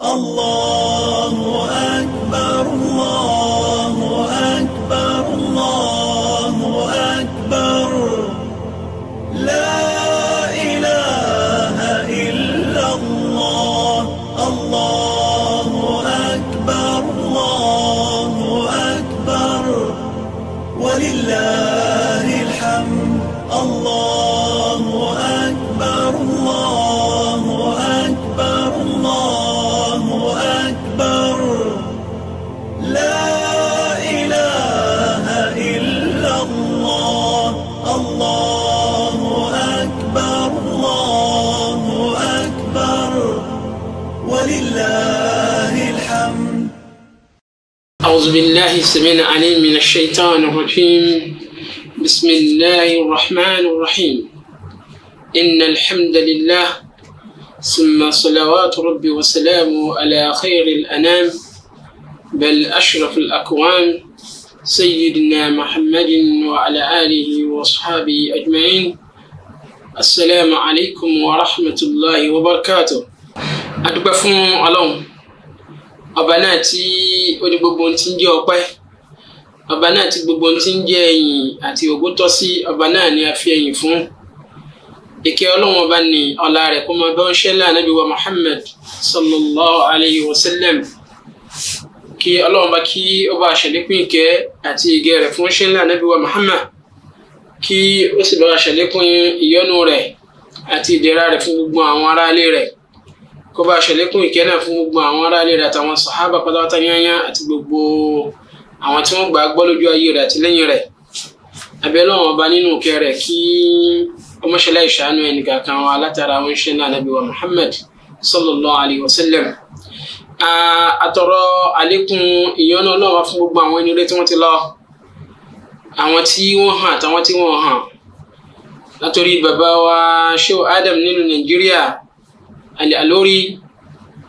الله أكبر أعوذ بالله السميع العليم من الشيطان الرجيم بسم الله الرحمن الرحيم إن الحمد لله ثم صلوات ربي وسلامه على خير الأنام بل أشرف الأكوان سيدنا محمد وعلى آله وأصحابه أجمعين السلام عليكم ورحمة الله وبركاته أدبفون علوم ọba náà tí ó ní gbogbo ohun tí ń jẹ́ ọpẹ́ ọba náà tí gbogbo ohun tí ń jẹ́ ẹ̀yìn àti ògo tọ́ sí ọba náà ni a fi ẹ̀yìn fún ìkẹ́ ọlọ́run ọba ní ọlá rẹ̀ kó máa bá ń ṣẹlẹ̀ ànábì wa Muhammad sallallahu alayhi wa sallam kí ọlọ́run bá kí ó bá ṣàlékún ìkẹ́ àti ìgẹ́ rẹ̀ fún ṣẹlẹ̀ ànábì wa Muhammad kí ó sì bá ṣàlékún ìyọ́nú rẹ̀ àti ìdẹ̀ra rẹ̀ fún gbogbo àwọn aráalé rẹ̀ kó bá ṣàlékún ìkẹ́ náà fún gbogbo àwọn aráalé rẹ̀ àtàwọn sàhábà pátápátá yányá àti gbogbo àwọn tí wọ́n gbà gbọ́ lójú ayé rẹ̀ àti lẹ́yìn rẹ̀ abẹ́lẹ́ wọn ọba nínú ìkẹ́ rẹ̀ kí ọmọṣẹ́lá ìṣàánú ẹnì kàkan wa látara àwọn iṣẹ́ náà nàbí wa Muhammad sallallahu alayhi wa sallam àtọ̀rọ̀ àlékún ìyọ́nú ọlọ́wọ́ fún gbogbo àwọn ẹni rẹ̀ tí wọ́n ti lọ àwọn tí wọ́n hàn àtàwọn tí wọ́n hàn látòrí bàbá wa Shehu Adam nínú Nàìjíríà al-Alori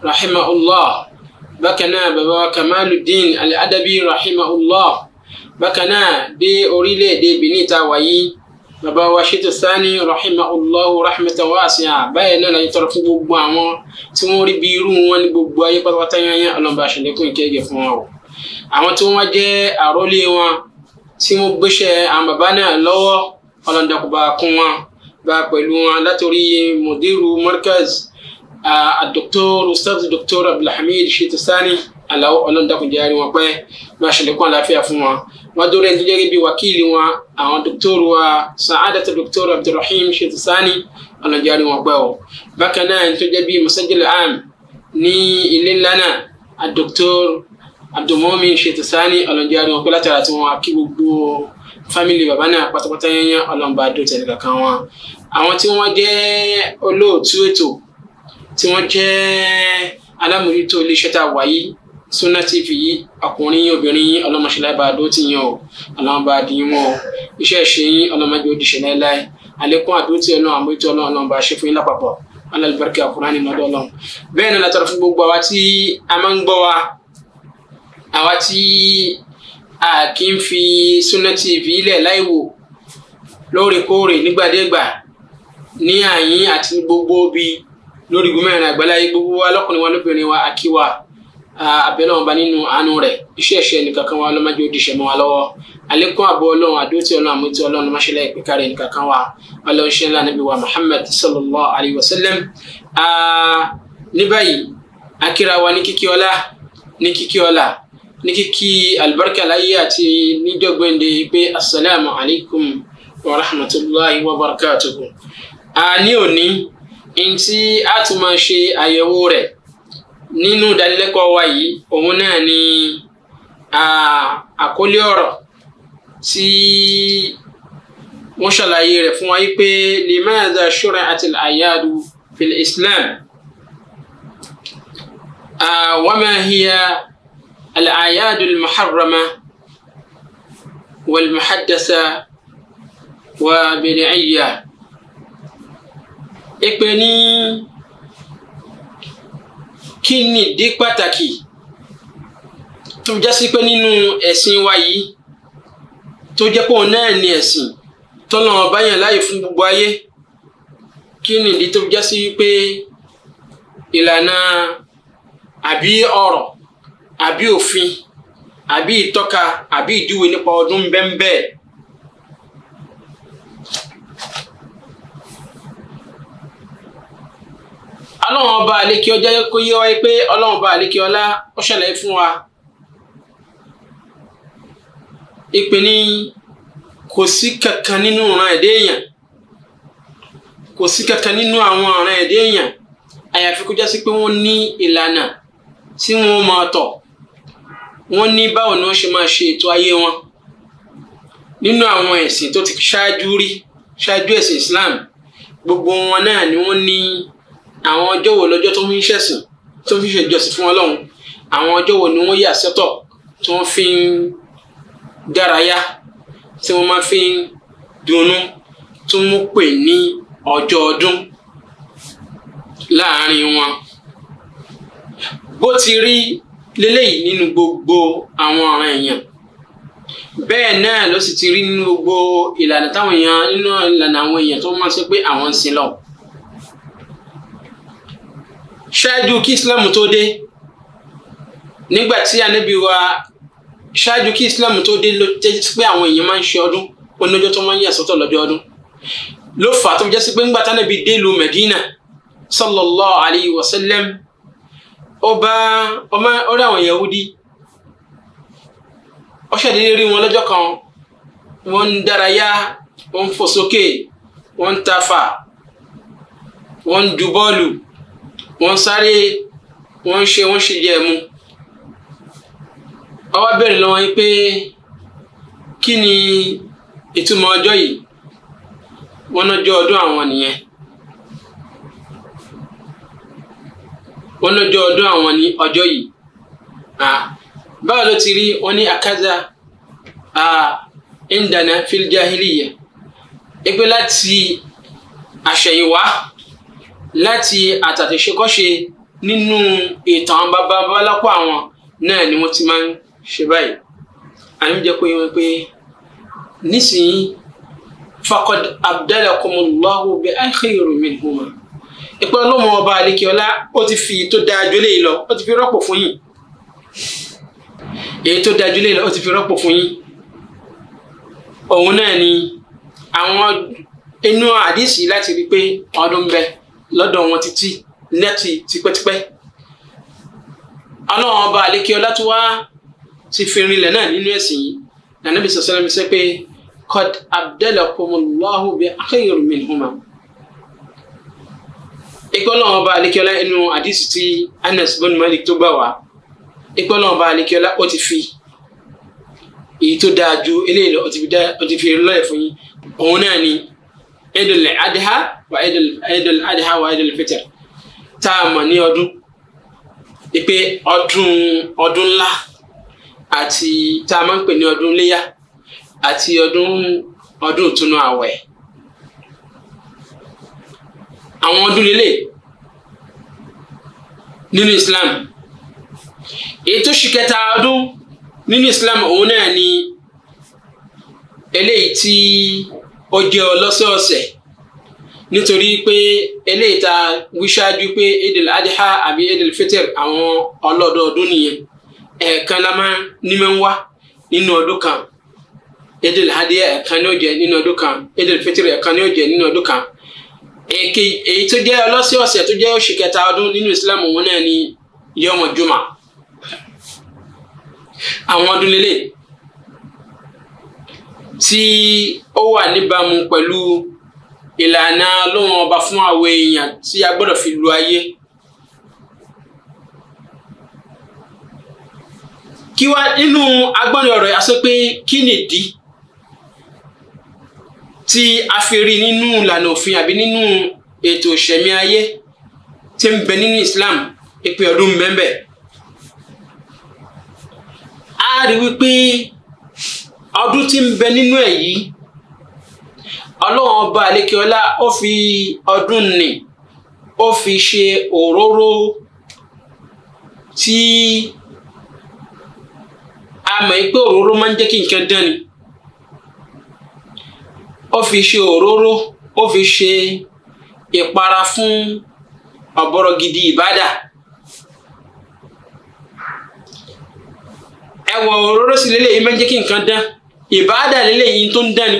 rahimahullah bákan náà bàbá Kamaluddin al-Adabi rahimahullah bákan náà dé orílẹ̀-èdè Benin tá a wáyé bàbá wa Shitu Sani rahimahullahu rahmatan wasi'a báyìí náà la yẹ tọrọ fún gbogbo àwọn tí wọ́n rí bí irú wọn ní gbogbo ayé pátápátá yányán ọlọ́mọba àṣẹlẹ́kùn ìkẹ́gẹ́ fún wọn o àwọn tí wọ́n jẹ́ àrólé wọn tí wọ́n gbéṣẹ́ àwọn bàbá náà lọ́wọ́ ọlọ́dàkùnbà kún wọn bá pẹ̀lú wọn látòrí mùdírù markaz الدكتور أستاذ الدكتور عبد الحميد شيت الثاني ọlọ́run dákun jẹ́ àárín wọn pẹ́ máa ṣàlékún àlàáfíà fún wọn wọn dúró ẹni tó jẹ́ bí wákìlì wọn àwọn dókítọ́rù wa sa'adatu dókítọ́rù abdulrahim shetusani ọlọ́run jẹ́ àárín wọn pẹ́ o bákan náà ẹni tó jẹ́ bí musajil am ní ilé ńlá náà àdókítọ́rù abdulmumin shetusani ọlọ́run jẹ́ àárín wọn pẹ́ látara tí wọn kí gbogbo fámìlì bàbá náà pátápátá yẹn yẹn ọlọ́run bá dó tẹ̀lé kankan wọn àwọn tí wọ́n jẹ́ olóòtú ètò tí wọ́n jẹ́ alámòjútó iléeṣẹ́ tá a wà yìí Sunna TV yìí ọkùnrin obìnrin ọlọ́mọṣẹ́lá bá a dó ti yan o ọlọ́mọ bá a dín wọn o iṣẹ́ ìṣe yín ọlọ́mọdé òdìṣe láéláé àlékún àdótì ọlọ́run àmójútó ọlọ́run ọlọ́run ṣe fún yín lápapọ̀ alalibarika kuran ni nọdọ lọn bẹ́ẹ̀ nana tọrọ fún gbogbo àwa tí a máa ń gbọ́ wa àwa tí a kì í fi Sunna TV ilẹ̀ láì lóòrèkóòrè nígbàdégbà ní àyín àti gbogbo bíi lórí gbọmọrin àgbáláyé gbogbo wa lọkùnrin wa lóbìnrin wa àkíwà abẹ́lẹ́ wọn bá nínú àánú rẹ̀ iṣẹ́ ẹ̀ṣẹ̀ nìkankan wa ọlọ́mọdé òdìṣẹ́ mọ́ wa lọ́wọ́ alẹ́kùn àbọ̀ ọlọ́run àdótì ọlọ́run àmótí ọlọ́run máṣẹ́lẹ̀ ìpínká rẹ̀ nìkankan wa ọlọ́run ṣe ńlá níbi wa Muhammad sallallahu alayhi wa sallam. ní báyìí akíra wa ní kíkí ọlá ní kíkí ọlá ní kíkí alibarika láyé àti nídọ́gbẹ́ndé pé asalaamu alaykum wa rahmatulahi wa barakatuhu. ní òní ntí a tún máa ṣe àyẹ̀wò rẹ̀ nínú ìdánilẹ́kọ̀ọ́ wa yìí òun náà ni àkólé ọ̀rọ̀ tí wọ́n ṣàlàyé rẹ̀ fún wa yìí pé limaza shur'at al-ayadu fil islam wa ma hiya al-ayadu al-muharrama wal-muhaddasa wa èpè ní kí ni ìdí pàtàkì tó jẹ́ sí pé nínú ẹ̀sìn wa yìí tó jẹ́ pé òun náà ni ẹ̀sìn tọ́nà báyàn láàyè fún gbogbo ayé kí ni ìdí tó jẹ́ sí pé ìlànà àbí ọ̀rọ̀ àbí òfin àbí ìtọ́ka àbí ìdíwèé nípa ọdún bẹ́ẹ̀ bẹ́ẹ̀ ọlọ́run ọba àlékè ọjọ́ kó yé wáyé pé ọlọ́run ọba àlékè ọlá ó ṣẹlẹ̀ fún wa ìpè ní kò sí kankan nínú ọ̀ràn ẹ̀dẹ́ èèyàn kò sí kankan nínú àwọn ọ̀ràn ẹ̀dẹ́ èèyàn àyàfi kó jásí pé wọ́n ní ìlànà tí wọ́n máa tọ̀ wọ́n ní báwo ni wọ́n ṣe máa ṣe ètò ayé wọn nínú àwọn ẹ̀sìn tó ti ṣáájú rí ṣáájú ẹ̀sìn Islam gbogbo wọn náà ni wọ́n ní. Ni àwọn ọjọ́ wo lọ́jọ́ tó ń fi ṣẹ̀sìn tó ń fi ṣe ìjọsìn fún Ọlọ́run àwọn ọjọ́ wo ni wọ́n yà sọ́tọ̀ tí wọ́n fi ń dárayá tí wọ́n máa fi ń dunnú tí wọ́n pè ní ọjọ́ ọdún láàárín wọn bó ti rí lélẹ́yìí nínú gbogbo àwọn ọ̀ràn èèyàn bẹ́ẹ̀ náà ló sì ti rí nínú gbogbo ìlànà táwọn èèyàn nínú ìlànà àwọn èèyàn tó máa ń sọ pé àwọn ń sin lọ́wọ́ ṣáájú kí islam tó dé nígbà tí ànábì wa ṣáájú kí islam tó dé ló jẹ́ pé àwọn èèyàn máa ń ṣe ọdún oníjọ́ tó máa ń yà sọ́tọ̀ lọ́jọ́ ọdún ló fà tó jẹ́ sí pé ńgbà tánàbí dé lu Medina sallallahu alayhi wa sallam ó bá ọmọ orí àwọn Yahudi ó ṣàdédé rí wọn lọ́jọ́ kan wọ́n ń dárayá wọ́n ń fò sókè wọ́n ń tafà wọ́n ń ju bọ́ọ̀lù wọ́n sáré wọ́n ṣe wọ́n ṣe jẹ́ mu ọwọ́ bẹ̀rẹ̀ lọ́wọ́ yín pé kí ni ìtumọ̀ ọjọ́ yìí wọ́n náà jọ ọdún àwọn nìyẹn wọ́n náà jọ ọdún àwọn ní ọjọ́ yìí báwo ló ti rí wọn ní akaza indana filjahiliya ẹ láti àṣẹ̀yìnwá láti àtàtẹ̀ṣekọ́ṣe nínú ìtàn bàbá babaláko àwọn náà ni wọ́n ti máa ń ṣe báyìí àyìn jẹ́ pé wọ́n pé nísìnyí fakad abdalakumullahu bi akhiru minhuma ìpẹ́ ọlọ́mọ ọba àlekíọ́lá ó ti fi tó dáa jù léyìí lọ ó ti fi rọ́pò fún yín èyí tó dájú lé ó ti fi rọ́pò fún yín òun náà ni àwọn inú àdìsí láti rí pé ọdún bẹ́ẹ̀ lọ́dọ̀ wọn títí láti tipẹ́tipẹ́ ọlọ́run ọba àlékè ọlá tó wá ti fi rinlẹ̀ náà nínú ẹ̀sìn yìí nànàbí sọ̀sẹ́lẹ̀ mi sẹ́ pé qad abdalakumullahu bi khayrin minhuma ikpe ọlọ́run ọba àlékè ọlá ẹnu àdìsí ti Anas bin Malik tó gbà wá ikpe ọlọ́run ọba àlékè ọlá ó ti fi èyí tó dáa ju eléyìí lọ ó ti fi lọ́yẹ̀ fún yín òun náà ni Eidul Adha wa Eidul Adha wa Eidul Fitr tá a mọ̀ ní ọdún pé ọdún ọdún ńlá àti tá a máa ń pè ní ọdún léyà àti ọdún ọdún ìtúnú àwẹ̀ àwọn ọdún lélẹ̀ nínú Islam ètò ṣìkẹta ọdún nínú Islam òun náà ni eléyìí tí ó jẹ́ ọlọ́sọ̀ọ̀sẹ̀ nítorí pé eléyìí ta wí ṣáájú pé edel adha àbí edel fitr àwọn ọlọ́dọọdún nìyẹn ẹ̀ẹ̀kan la máa ní máa ń wá nínú ọdún kan edel hadiya ẹ̀ẹ̀kan ní ó jẹ́ nínú ọdún kan edel fitr ẹ̀ẹ̀kan ní ó jẹ́ nínú ọdún kan èké èyí tó jẹ́ ọlọ́sọ̀ọ̀sẹ̀ tó jẹ́ oṣù kẹta ọdún nínú islam òun náà ni yọmọ juma àwọn ọdún lélẹ́yìí tí ó wà níbàámu pẹ̀lú ìlànà Ọlọ́run ọba fún àwọn èèyàn tí a gbọ́dọ̀ fi lu ayé. kí wá nínú agbọ́nrin ọ̀rọ̀ yà sọ pé kí nìdí tí a fi rí nínú ìlànà òfin àbí nínú ètò ìṣẹ̀mí ayé tí ń bẹ nínú Islam ìpè ọdún mẹ́mbẹ́ a rí wípé ọdún tí ń bẹ nínú ẹ̀ yìí ọlọ́run ọba àlékeọlá ó fi ọdún nì ó fi ṣe òróró tí a mọ̀ pé òróró máa ń jẹ́ kí nǹkan dán ni ó fi ṣe òróró ó fi ṣe ìpara fún ọ̀bọ̀rọ̀ gidi ìbádà ẹ̀wọ̀ òróró sì lélẹ̀ yìí máa ń jẹ́ kí nǹkan dán ìbáàdà lélẹ̀ yìí tó ń dání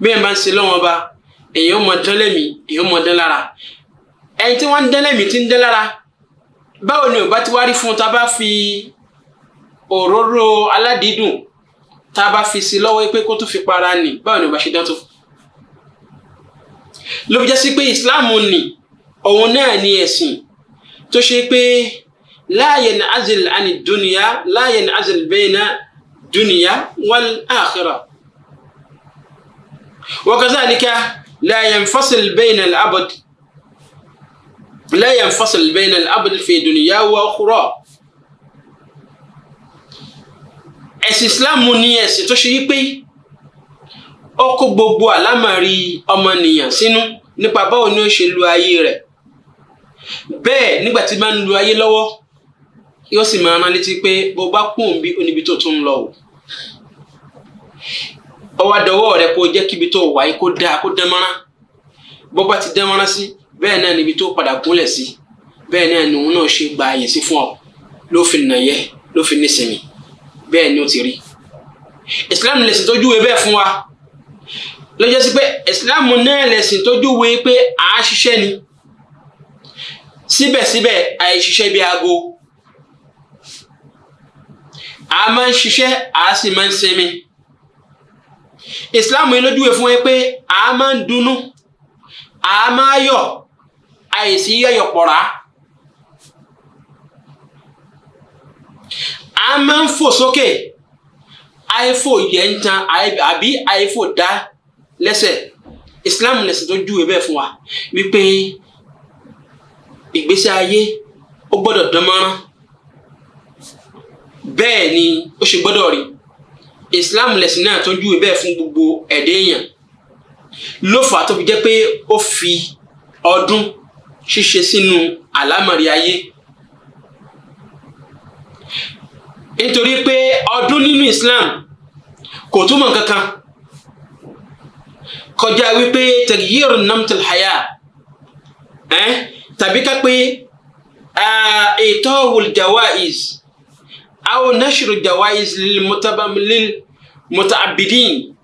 bí ẹ̀ máa ń ṣe lọ́wọ́n ba èyí ó mọ dán lẹ́mí èyí ó mọ dán lára ẹni tí wọ́n ń dán lẹ́mí tí ń dán lára báwo ni ò bá ti wá rí fún un tá a bá fi òróró aládìídùn tá bá fi sí lọ́wọ́ pé kó tún fi para nì báwo ni ò ṣe dán ló fi jẹ́ sí pé ìsìláàmù nì òun náà ni ẹ̀sìn tó ṣe pé la yanazil ani dunya la yanazil bayna. دنيا والآخرة وكذلك لا ينفصل بين العبد لا ينفصل بين العبد في دنيا وأخرى ẹ̀sìn Islam ni ẹ̀sìn tó ṣe wípé ó kó gbogbo àlámọ̀rí ọmọnìyàn sínú nípa báwo ni ó ṣe lu ayé rẹ̀ bẹ́ẹ̀ nígbà tí bá ń lu ayé lọ́wọ́ yóò sì máa rán létí pé bó bá kú òǹbí oníbi tó tún ń lọ o ọwọ́ àdọ́wọ́ rẹ kó jẹ́ kíbi tó wáyé kó dáa kó dánmọ́rán bó bá ti dánmọ́rán sí bẹ́ẹ̀ náà níbi tó padà gúnlẹ̀ sí bẹ́ẹ̀ náà ni òun náà ṣe gba àyè sí fún ọ ló fi nàyẹ ló fi nísìmì bẹ́ẹ̀ ni ó ti rí ìsìláàmù lẹ̀sìn tó júwe bẹ́ẹ̀ fún wa lọ́jọ́ sí pé ìsìláàmù náà lẹ̀sìn tó júwe pé à á ṣiṣẹ́ ni síbẹ̀síbẹ̀ àìṣiṣẹ́ bíi aago a máa ń ṣiṣẹ́ a sì máa ń sinmi islam yìí ló júwe fún ẹ pé a máa ń dunnú a máa yọ̀ àìsí yọ̀yọ̀ pọ̀ra a máa ń fò sókè àìfò yẹ ń tan àbí àìfò dá lẹ́sẹ̀ islam lẹ̀sìn tó júwe bẹ́ẹ̀ fún wa wípé ìgbésí ayé ó gbọ́dọ̀ dán mọ́rán bẹ́ẹ̀ ni ó ṣe gbọ́dọ̀ rí islam lẹ̀sìn náà tó ń júwe bẹ́ẹ̀ fún gbogbo ẹ̀dẹ́ èèyàn ló fà á tó fi jẹ́ pé ó fi ọdún ṣíṣe sínú àlámọ̀rí ayé nítorí pé ọdún nínú islam kò túmọ̀ kankan kọjá wípé tagiyir namtul haya eh? tàbí ká pé ìtọ́wùl jawaiz. أو نشر الجوائز للمتعبدين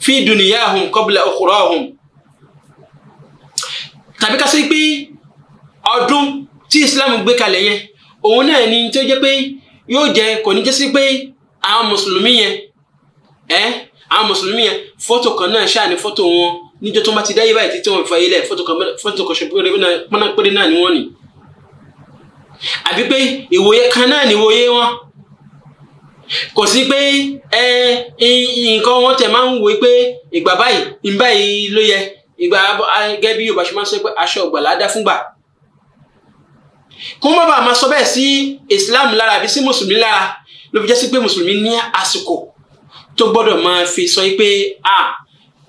في دنياهم قبل أخراهم tàbí ká sọ pé ọdún tí Islam gbé kalẹ̀ yẹn òun náà ni tí ó jẹ́ pé yóò jẹ́ kò ní jẹ́ sí pé àwọn mùsùlùmí yẹn ẹ́ àwọn mùsùlùmí yẹn fọ́tò kan náà ṣáà fọ́tò wọn níjọ́ tó bá ti dáyé báyìí títí wọn fi fàyè lẹ̀ fọ́tò kan ṣe péré náà ni wọ́n nìí àbí pé ìwòye kan náà níwòye wọn kò sí pé ẹ nǹkan wọn tẹ máa ń wòye pé ìgbà báyìí ìgbà yìí ló yẹ ìgbà gẹ́gẹ́ bí Yorùbá ṣe máa ń sọ pé aṣọ ọ̀gbàlà dá fúngbà kó má bàa máa sọ bẹ́ẹ̀ sí Islam lára àbí sí mùsùlùmí lára ló fi jẹ́ sí pé mùsùlùmí ní àsìkò tó gbọ́dọ̀ máa fi sọ pé a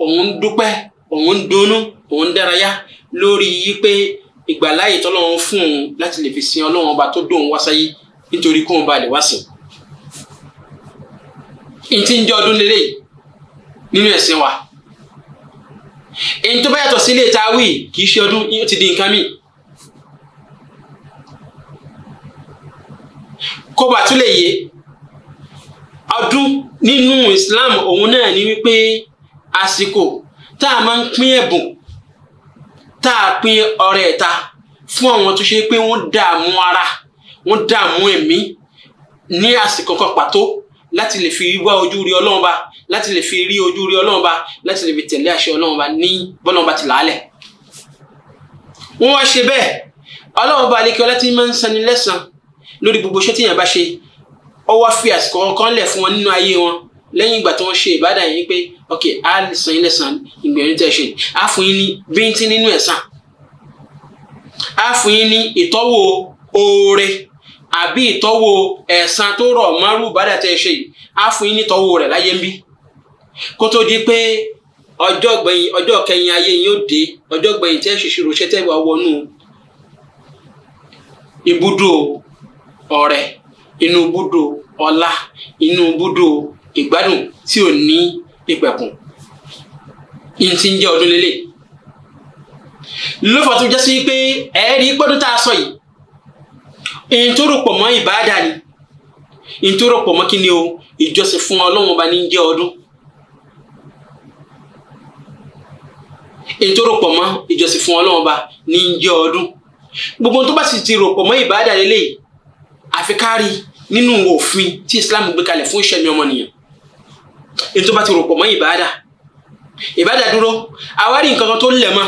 òun dúpẹ́ òun dunnú òun dárayá lórí yí pé ìgbàláyè tọ́lọ́run fún un láti lè fi sin ọlọ́run ọba tó dóun wá sáyé nítorí kóun ba lè wá sìn. n ti ń jẹ́ ọdún lélẹ̀ nínú ẹ̀sìn wa èyí tó bá yàtọ̀ sílé ta wí kì í ṣe ọdún yóò ti di nǹkan míì. kó bá tún lè yé ọdún nínú Islam òun náà ni wípé àsìkò tá a máa ń pín ẹ̀bùn tá a pín ọrẹ ìta fún àwọn tó ṣe pé wọ́n dààmú ara wọ́n dààmú ẹ̀mí ní àsìkò kan pàtó láti lè fi wá ojú rí ọlọ́run ba láti lè fi rí ojú rí ọlọ́run ba láti lè fi tẹ̀lé àṣẹ ọlọ́run ba ní bọ́lọ́run ba ti làálẹ̀. wọ́n wá ṣe bẹ́ẹ̀ ọlọ́run ba alekẹ́ ọlọ́tí máa ń sanni lẹ́sàn lórí gbogbo iṣẹ́ tíyàn bá ṣe ó wá fi àsìkò kan lẹ̀ fún wọn nínú ayé wọn lẹ́yìn ìgbà tí wọ́n ṣe ìbádà yín pé ok á san yín lẹ́sàn ìgbìyànjú tẹ̀ ṣe á fún yín ní bíntín nínú ẹ̀san á fún yín ní ìtọ́wò oore àbí ìtọ́wò ẹ̀san tó rọ̀ mọ́rú ìbádà tẹ̀ ṣe yìí á fún yín ní ìtọ́wò rẹ̀ láyé ń bí kó tó di pé ọjọ́ gbẹ̀yìn ọjọ́ kẹyìn ayé yín ó dé ọjọ́ gbẹ̀yìn tẹ́ ṣèṣirò ṣe tẹ́ wà wọnú ibùdó ọrẹ inú ibùdó ọlá inú ibùdó ìgbádùn tí ò ní ìpẹ̀kùn n ti ń jẹ́ ọdún lélẹ̀ ló fà tó jẹ́ sí pé ẹ̀ẹ́rì pọ́dún tá a sọ yìí n tó rò pọ̀ mọ́ ìbáàdà ni n tó rò pọ̀ mọ́ kí ni o ìjọsìn fún ọlọ́run ọba ní jẹ́ ọdún n tó pọ̀ mọ́ ìjọsìn fún ọlọ́run ọba ní jẹ́ ọdún gbogbo tó bá sì ti rò pọ̀ mọ́ ìbáàdà lélẹ̀ àfi nínú òfin tí Islam gbé kalẹ̀ fún ìṣẹ̀mí ọmọnìyàn ètò bá ti rò pọ̀ mọ́ ìbáàdà ìbáàdà dúró àwárí nǹkan kan tó lẹ̀ mọ́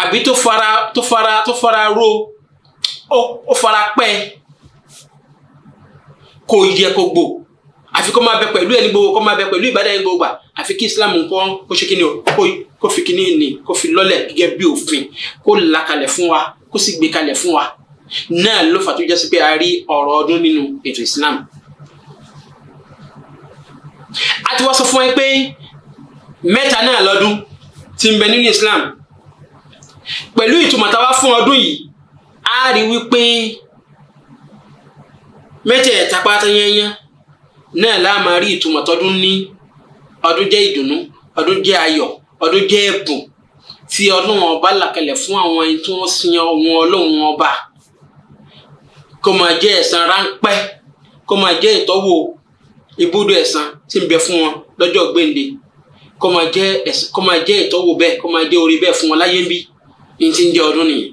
àbí tó fara tó fara tó fara ro ó fara pẹ́ kò yẹ kò gbò àfi kó máa bẹ pẹ̀lú ẹni gbogbo kó máa bẹ pẹ̀lú ìbáàdà ẹni gbogbo àfi kí Islam nǹkan kó ṣe kíni o kó fi kíni ni kó fi lọ́lẹ̀ gẹ́gẹ́ bí òfin kó là kalẹ̀ fún wa kó sì gbé kalẹ̀ fún wa náà ló fà tó jẹ́ sí pé a rí ọ̀rọ̀ ọdún nínú ètò Islam a ti wá sọ fún ẹ pé mẹ́ta náà lọ́dún tí ń bẹ nínú Islam pẹ̀lú ìtumọ̀ tá a wá fún ọdún yìí a rí wípé mẹ́tẹ̀ẹ̀ta pátá yẹnyẹn náà la máa rí ìtumọ̀ tọdún ní ọdún jẹ́ ìdùnnú ọdún jẹ́ ayọ̀ ọdún jẹ́ ẹ̀bùn tí ọdún ọba làkẹlẹ̀ fún àwọn ẹni tí wọ́n sin ọ̀wọ́n ọlọ́run ọba kó máa jẹ́ ẹ̀san ráńpẹ́ kó máa jẹ́ ìtọ́wò ibùdó ẹ̀san tí ń bẹ fún wọn lọ́jọ́ gbẹ̀ǹde kó máa jẹ́ ẹ̀san kó máa jẹ́ ìtọ́wò bẹ́ẹ̀ kó máa jẹ́ orí bẹ́ẹ̀ fún wọn láyé ń bí ní ti ń jẹ́ ọdún nìyẹn.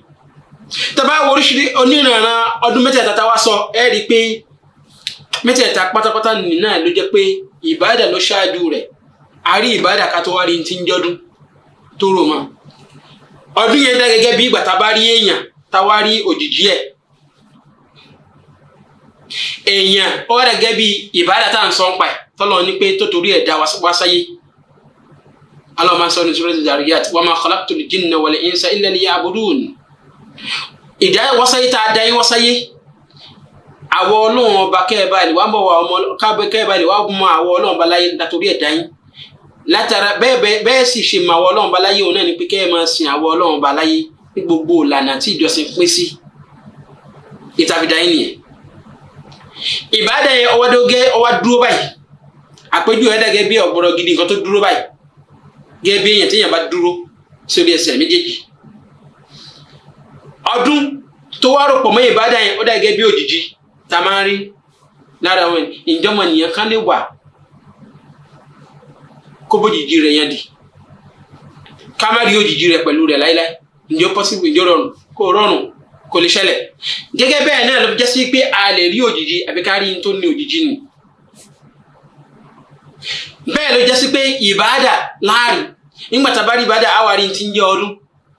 tàbá wo oríṣiríṣi onírànran ọdún mẹ́tẹ̀ẹ̀ta tá a wá sọ ẹ́ rí i pé mẹ́tẹ̀ẹ̀ta pátápátá nì náà ló jẹ́ pé ìbádà ló ṣáájú rẹ̀ a rí ìbádà ká tó wá rí ti ń jọ́dún tó rò mọ́ ọdún yẹn dá gẹ́gẹ́ bí ìgbà tá a bá rí èèyàn tá a wá rí òjìji ẹ̀ èèyàn ọ̀rẹ́ gẹ́gẹ́ bí ìbáradà tá à ń sọ ń pa ẹ̀ tọ́lọ́ ní pé tó torí ẹ̀ dá wá sáyé alọ́ọ̀má sọ ní suratul Zariyat wa ma khalaqtul jinna wal insa illa liya'budun ìdá wásáyé tá a dá yín wásáyé àwọ ọlọ́run ọba kẹ́ẹ̀bá ni wàá bọ̀ wà ọmọ káàbẹ̀ kẹ́ẹ̀bá ni wàá mọ àwọ ọlọ́run ọba láyé látòrí ẹ̀dá yín látara bẹ́ẹ̀ bẹ́ẹ̀ bẹ́ẹ̀ sì ṣe mọ àwọ ọlọ́run ọba láyé òun náà ni pé kẹ́ẹ̀ máa sin àwọ ọlọ́run ọba láyé ní gbogbo ìlànà tí ìjọsìn pín sí ìtàfidà yín nìyẹn ìbáàdà yẹn ọwọ́ dó gẹ́ ọwọ́ dúró báyìí àpéjúwe gẹ́gẹ́ bí ọ̀gbọ̀rọ̀ gidi nǹkan tó dúró báyìí gẹ́gẹ́ bí èèyàn téèyàn bá dúró sórí ẹsẹ̀ méjèèjì ọdún tó wá rọpò mọ ìbáàdà yẹn ó gẹ́gẹ́ bí òjìji tá a máa ń rí lára wọn nìyẹn kan lè wà kó yẹn ká kò lè ṣẹlẹ̀ gẹ́gẹ́ bẹ́ẹ̀ náà ló fi jẹ́ sí pé a lè rí òjìji àbí ká rí n tó ní òjìji nì bẹ́ẹ̀ ló jẹ́ sí pé ìbáàdà láàrin nígbà tá a bá rí ìbáàdà àwárí ti ń jẹ́ ọdún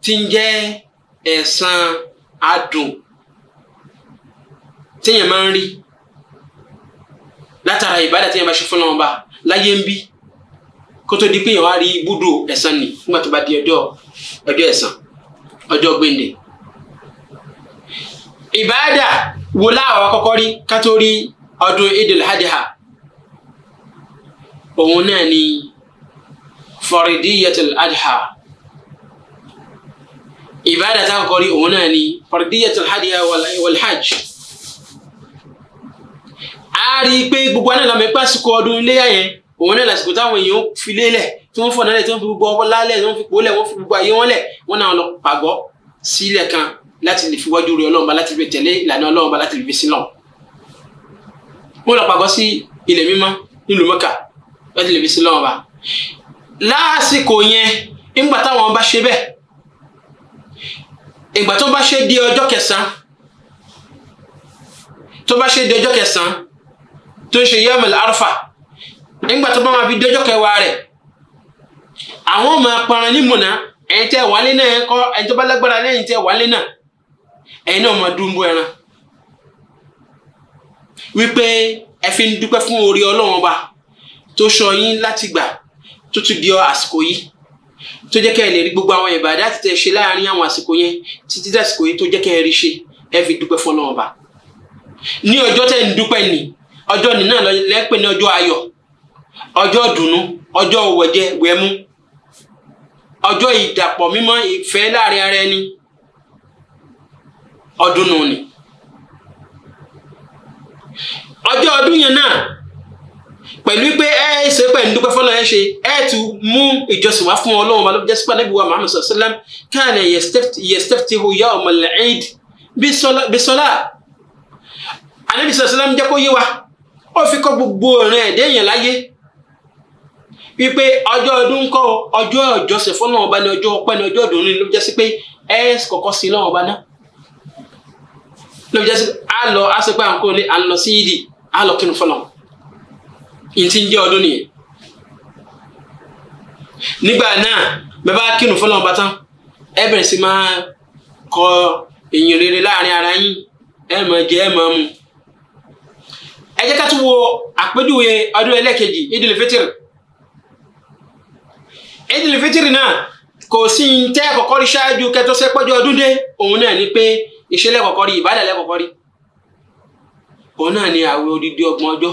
ti ń jẹ́ ẹ̀san adùn téèyàn máa ń rí látara ìbáàdà téèyàn bá ṣe fún ọlọ́run bá láyé ń bí kó tó di pé èèyàn wá rí ibùdó ẹ̀san nì nígbà tó bá di ọjọ́ ọjọ́ ẹ̀san ọjọ́ gbẹ̀ndẹ̀ ìbáàdà wo láwọn kọ́kọ́ rí ká tó rí ọdún idil hadiha òun náà ni faridiyatul adha ìbáàdà tá a kọ́kọ́ rí òun náà ni faridiyatul hadiha wal hajj a rí i pé gbogbo anáà lámẹ́ pàṣípò ọdún iléyà yẹn òun náà lásìkò táwọn èèyàn fi lélẹ̀ tí wọ́n fọ̀nà lẹ̀ tí wọ́n fi gbogbo ọwọ́ lálẹ̀ tí wọ́n fi pòólẹ̀ wọ́n fi gbogbo ayé wọn lẹ̀ wọ́n náà lọ pàgọ́ sílẹ̀ kan láti lè fi wájú rí ọlọ́run ba láti fi tẹ̀lé ìlànà ọlọ́run ba láti fi sin náà mo lọ pàgọ́ sí ilẹ̀ mímọ́ nílùú mọ́kà láti lè fi sin náà ba lásìkò yẹn ńgbà táwọn bá ṣe bẹ́ẹ̀ ìgbà tó bá ṣe di ọjọ́ kẹsàn-án tó bá ṣe di ọjọ́ kẹsàn-án tó ń ṣe yamul arfa nígbà tó bá máa fi di ọjọ́ kẹwàá rẹ̀ àwọn máa paran ní mùnà ẹ̀yin tẹ́ wálé náà kọ́ ẹ̀yin tó bá lágbára lẹ́yìn tẹ́ wálé náà ẹ̀yin náà máa dúnbó ẹran wípé ẹ fi ń dúpẹ́ fún oore ọlọ́run ọba tó sọ yín láti gbà tó tún di àsìkò yìí tó jẹ́ kẹ́ ẹ lè rí gbogbo àwọn ìbàdí àti tẹ̀ ṣe láàrin àwọn àsìkò yẹn títí dàsìkò yìí tó jẹ́ kẹ́ ẹ rí ṣe ẹ fi dúpẹ́ fún ọlọ́run ọba ní ọjọ́ tẹ̀ ń dúpẹ́ ní ọjọ́ nínú náà lẹ́pẹ́ ní ọjọ́ ayọ̀ ọjọ́ dùnú ọjọ́ wẹ̀jẹ wẹ̀mú ọjọ́ ìdàpọ̀ mímọ́ ìfẹ́ láàrin ara ẹni ọdún nù ni ọjọ́ ọdún yẹn náà pẹ̀lú pé ẹ ṣe pẹ̀ dúpẹ́ fọlọ́ ẹ ṣe ẹ tu mú ìjọsìn wá fún ọlọ́run bá ló jẹ́ sípà níbi wa Muhammad sallallahu alaihi wasallam kana yastaftihu yawm al-eid bisola anabi sallallahu alaihi wasallam jẹ́ kó yé wa ó fi kọ́ gbogbo ọ̀rìn ẹ̀dẹ́ yẹn láyé wípé ọjọ́ ọdún kọ́ ọjọ́ ìjọsìn fọlọ́run bá ní ọjọ́ ọpẹ́ ní ọjọ́ ọdún ní ló sí pé ẹ kọ́kọ́ sí lọ́run bá náà ló fi jẹ́ sí a lọ a sọ pé à lọ sí yídì a lọ kínú fọlọ́ n ti ń jẹ́ nígbà náà bẹ́ẹ̀ bá kínú fọlọ́ bá ẹ sí máa kọ èyàn rere láàrin ara yín ẹ mọ̀ jẹ ẹ mọ̀ mu ẹ jẹ́ ká wo àpèjúwe ọdún ẹlẹ́ẹ̀kejì Idil Fitr Idil Fitr náà kò sí ní tẹ́ ẹ̀kọ́kọ́ rí ṣáájú kẹtọ́sẹ́pọ́jọ́ ọdún dé òun náà pé ìṣẹ̀lẹ̀ kọ̀kọ́ rí ìbádàlẹ̀ kọ̀kọ́ rí òun náà ni àwẹ̀ odidi ọgbọ̀n ọjọ́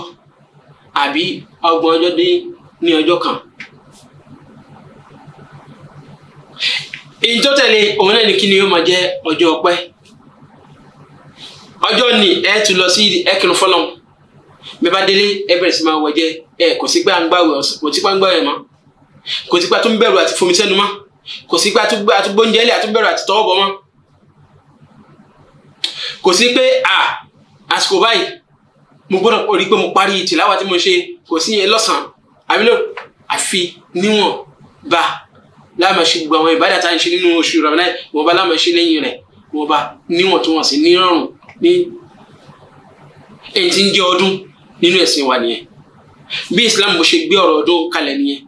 àbí ọgbọ̀n ọjọ́ dín ní ọjọ́ kan ìjọ tẹ̀lé òun náà ni kí ni yóò máa jẹ́ ọjọ́ ọpẹ́ ọjọ́ ni ẹ tún lọ sí ẹkìrún fọlọ́n bẹ́ẹ̀ bá délé ẹ bẹ̀rẹ̀ sí máa wọ̀jẹ́ ẹ kò sí pé à ń gbàwẹ̀ kò sí pé à ń gbàwẹ̀ mọ́ kò sí pé à tún bẹ̀rù àti fomi sẹ́nu mọ́ kò sí pé à tún gbóúnjẹ lẹ̀ à tún bẹ̀rù àti tọwọ́ bọ̀ mọ́ kò sí pé à àsìkò báyìí mo gbọ́dọ̀ rí i pé mo parí tìláwà tí mo ṣe kò sí yẹn lọ́sàn-án àbílò àfi níwọ̀n bá láàmà ṣe gbogbo àwọn ìbádà tá à ń ṣe nínú oṣù Ramadan wọ́n bá láàmà ṣe lẹ́yìn rẹ̀ wọ́n bá níwọ̀n tí wọ́n sì ní rọrùn ní èyí tí ń jẹ́ ọdún nínú ẹ̀sìn wa nìyẹn bí Islam bó ṣe gbé ọ̀rọ̀ ọdún kalẹ̀ nìyẹn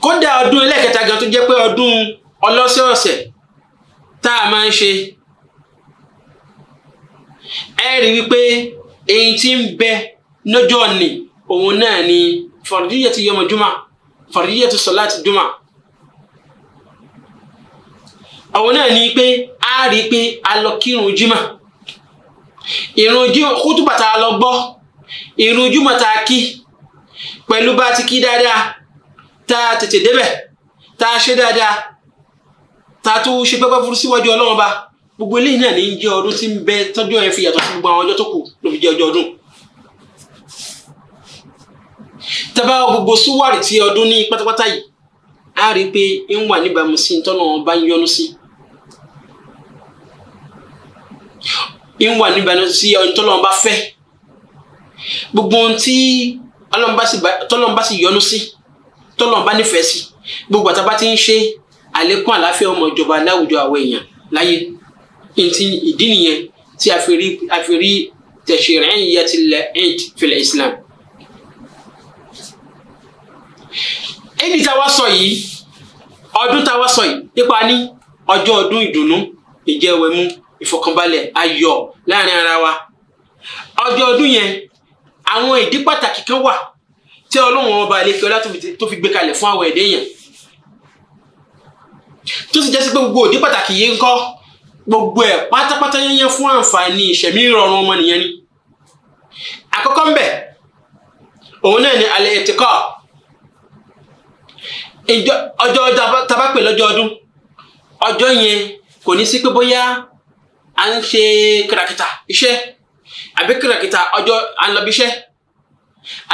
kódà ọdún ẹlẹ́kẹta gan tó jẹ́ pé ọdún ọlọ́sẹ̀ọ̀sẹ̀ tá a máa ń ṣe ẹ rí wípé èyí tí ń bẹ lọ́jọ́ ni òun náà ni fardiyatu yawm juma fardiyatu salati juma àwọn náà ni pé a rí pé a lọ kírun jimá ìrun jimá kútùbà tá lọ gbọ́ ìrun jimá tá kí pẹ̀lú bá ti kí dáadáa tá tètè débẹ̀ tá ṣe dáadáa tá tún ṣe pẹ́pẹ́ furu síwájú ọlọ́run ba gbogbo eléyìí náà ní í jẹ́ ọdún tí ń bẹ tọ́jọ́ yẹn fi yàtọ̀ sí gbogbo àwọn ọjọ́ tó kù ló fi jẹ́ ọjọ́ ọdún. tábà gbogbo súwárì tí ọdún ní pátápátá yìí á rí i pé ń wà níbàámu sí ìtọ́nà ọba ń yọ́nú sí. ń wà níbàámu sí ìtọ́nà ọba fẹ́. gbogbo ohun tí tọ́lọ́mbá sì yọ́nú sí tọ́lọ́mbá nífẹ̀ẹ́ sí gbogbo àtàbá ti ń ṣe àlékún àlàáfíà ọmọ ìjọba láwùjọ àwọn èèyàn láyé nti ìdí nìyẹn tí afiri fi rí a fi rí tashri'iyyatil eid fil islam. ebi tá a wá sọ yìí ọdún tá a wá sọ yìí nípa ní ọjọ́ ọdún ìdùnnú ìjẹwẹ̀mú ìfọkànbalẹ̀ ayọ̀ láàrin ara wa ọjọ́ ọdún yẹn àwọn ìdí pàtàkì kan wà tí ọlọ́run ọba àlekẹ́ ọlá tó fi gbé kalẹ̀ fún àwọn ẹ̀dẹ́ yẹn tó sì jẹ́ sí pé gbogbo ìdí pàtàkì yìí ń kọ́ gbogbo ẹ̀ pátápátá yẹnyẹn fún àǹfààní ìṣẹ̀mí ìrọ̀rùn ọmọnìyàn ni àkọ́kọ́ ń bẹ̀ òun náà ni alẹ́ ètìkọ́ ọjọ́ tabapẹ̀ lọ́jọ́ ọdún ọjọ́ yẹn kò ní sí pé bóyá à ń ṣe kìràkìtà iṣẹ́ àbí kìràkìtà ọjọ́ à ń lọ bí iṣẹ́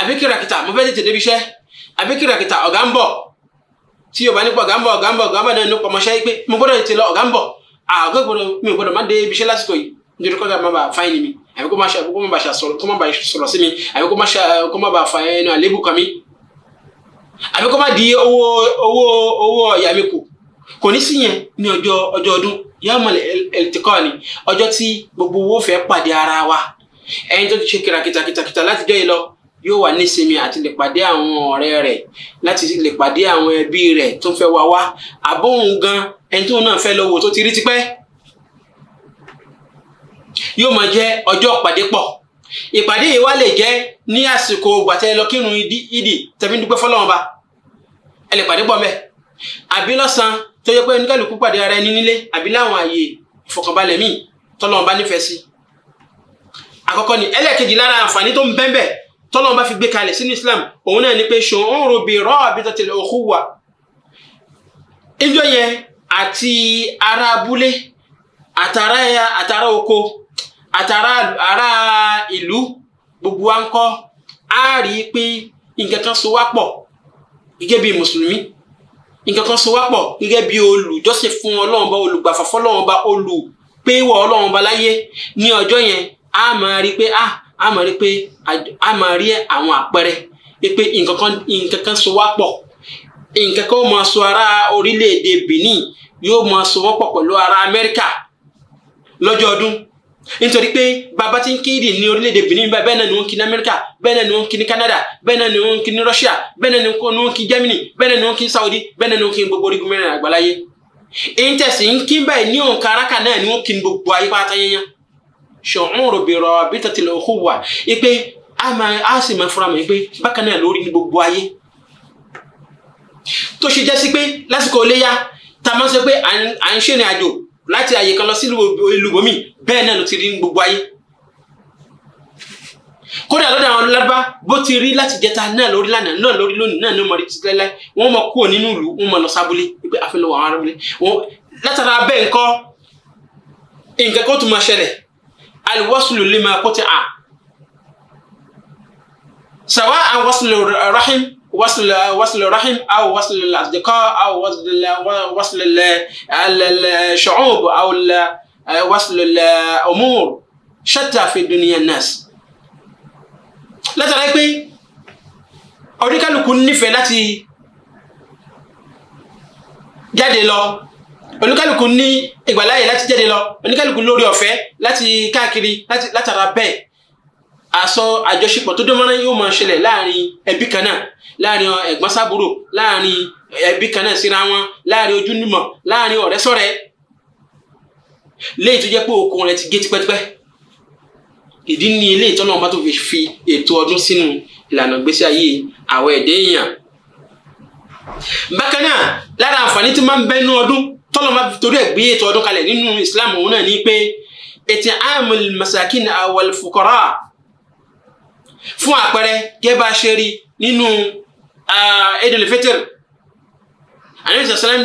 àbí kìràkìtà mo fẹ́ tètè débi iṣẹ́ àbí kìràkìtà ọ̀gá ń bọ̀ tí Yorùbá nípa ọ̀gá ń bọ̀ ọ̀gá ń bọ̀ ọ̀gá ń bọ̀ náà nípa ọmọṣẹ́ pé mo gbọ́dọ̀ tètè lọ ọ̀gá ń bọ̀ àgọ́ gbọ́dọ̀ mi ò gbọ́dọ̀ má dé ibiṣẹ́ lásìkò yìí nítorí kọ́ńtà má bàa fáyín mi àbí kó má ṣe kó má bàa sọ̀rọ̀ kó má bàa sọ̀rọ̀ sí mi àbí kó má ṣe kó má bàa fa ẹnu àlébù kan mi àbí kó má di owó owó owó ọ̀yà mi kù kò ní sí yẹn ní ọjọ́ ọjọ́ ọdún yàmọ̀ ẹ̀lẹ́tìkọ́ ni ọjọ́ tí gbogbo owó fẹ́ pàdé ara wa ẹni tó ti ṣe kìrà kìtàkìtàkìtà láti jọ́ yìí lọ yóò wà nísinmi àti lè pàdé àwọn ọ̀rẹ́ rẹ̀ láti lè pàdé àwọn ẹbí rẹ̀ tó fẹ́ wá wá àbóhùn gan ẹni tó náà fẹ́ lọ́wọ́ tó ti rí tipẹ́ yóò máa jẹ́ ọjọ́ ìpàdé pọ̀ ìpàdé yìí wá lè jẹ́ ní àsìkò gbàtẹ́ lọ kírun ìdì tẹ̀bí dúpẹ́ fọlọ́wọn ba ẹ lè pàdé pọ̀ mẹ́ àbí lọ́sàn tó yẹ pé oníkàlùkù pàdé ara ẹni nílé àbí láwọn àyè ìfọkànbalẹ̀ míì tọ́lọ́wọn bá nífẹ̀ẹ́ sí àkọ́kọ́ ni ẹlẹ́ẹ̀kejì lára àǹfààní tó ń bẹ́ẹ̀ bẹ́ẹ̀ tọ́lọ́run bá fi gbé kalẹ̀ sínú islam òun náà ni pé ṣòun rò bí rọ́ọ̀bì tó tilẹ̀ òkú wà. ìjọ yẹn àti ara abúlé àtàrà àtàrà oko àtàrà ará ìlú gbogbo wa ń kọ́ á rí i pé nǹkan kan so wá pọ̀ gẹ́gẹ́ bí mùsùlùmí nǹkan kan so wá pọ̀ gẹ́gẹ́ bí olùjọ́sìn fún ọlọ́run bá olùgbàfà fún ọlọ́run bá olùpéwọ̀ ọlọ́run láyé ní ọjọ́ yẹn á máa rí pé á ah, á máa rí pé á máa rí àwọn àpẹẹrẹ pé nǹkan kan so wá pọ̀ nǹkan kan ó máa so ará orílẹ̀-èdè Benin yóò máa so wọ́pọ̀ pẹ̀lú ará Amẹ́ríkà lọ́jọ́ ọdún nítorí pé bàbá tí ń kí ní orílẹ̀-èdè Benin bẹ́ẹ̀ náà ni wọ́n ń kí ní Amẹ́ríkà bẹ́ẹ̀ náà ni wọ́n ń kí ní Canada bẹ́ẹ̀ náà ni wọ́n kí ní Russia bẹ́ẹ̀ náà ni wọ́n ń kí Germany bẹ́ẹ̀ náà ni wọ́n ń kí Saudi bẹ́ẹ̀ náà ni wọ́n ń kí gbogbo orígun mẹ́rin àgbáláyé intẹsi nkin báyìí ní òǹkà araka náà ni wọn kì í gbogbo ayé pátá yẹn ṣọ̀húnrò bèrò àbítàtìlẹ̀ òkú wa ipe a sì máa fura mọ́ ipe bákan náà lórí gbogbo ayé tó ṣe jẹ́ sí pé lásìkò iléyà tá a máa ń sọ pé à ń ṣèrìn àjò láti àyè kan lọ sí ìlú bòmí bẹ́ẹ̀ náà ló ti rí ní gbogbo ayé kódà lọ́dọ̀ àwọn lábá bó ti rí láti jẹta náà lórí lánàá náà lórí lónìí náà ló mọ̀ rí títí láíláí wọ́n mọ̀ kúrò nínú ìlú wọ́n mọ̀ lọ sábúlé wípé àfẹlẹ́wọ̀ àwọn arábúlé wọn látara bẹ́ẹ̀ ńkọ́ nǹkan kó tún máa ṣẹlẹ̀ aliwọ́sùlù lè máa kó ti à sàwa àwọn wọ́sùlù rahim وصل وصل الرحم او وصل الاصدقاء او وصل وصل الشعوب او وصل الامور شتى في دنيا الناس látara pé oníkálukú nífẹ̀ẹ́ láti jáde lọ oníkálukú ní ìgbàláyè láti jáde lọ oníkálukú lórí ọ̀fẹ́ láti káàkiri látara bẹ́ẹ̀ àsọ àjọṣepọ̀ tó dánmọ́rán yóò máa ṣẹlẹ̀ láàrin ẹbí kan náà láàrin ẹ̀gbọ́n sábúrò láàrin ẹbí kan náà síra wọn láàrin ojúlùmọ̀ láàrin ọ̀rẹ́ sọ̀rẹ́ léyìí tó jẹ́ pé okun rẹ̀ ti gé tipẹ́tipẹ́ ìdí ni ilé ìtọ́nà ọba tó fi fi ètò ọdún sínú ìlànà ìgbésí ayé àwọn ẹ̀dẹ́ èèyàn bákan náà lára àǹfààní tí máa ń bẹ nínú ọdún tọ́lọ́ máa fi torí ẹ̀ gbé ètò ọdún kalẹ̀ nínú Islam òun náà ní pé ètò àmì masakin awal fukara fún àpẹẹrẹ gẹ́gẹ́ bá a ṣe rí nínú edele fetir anabi sàlám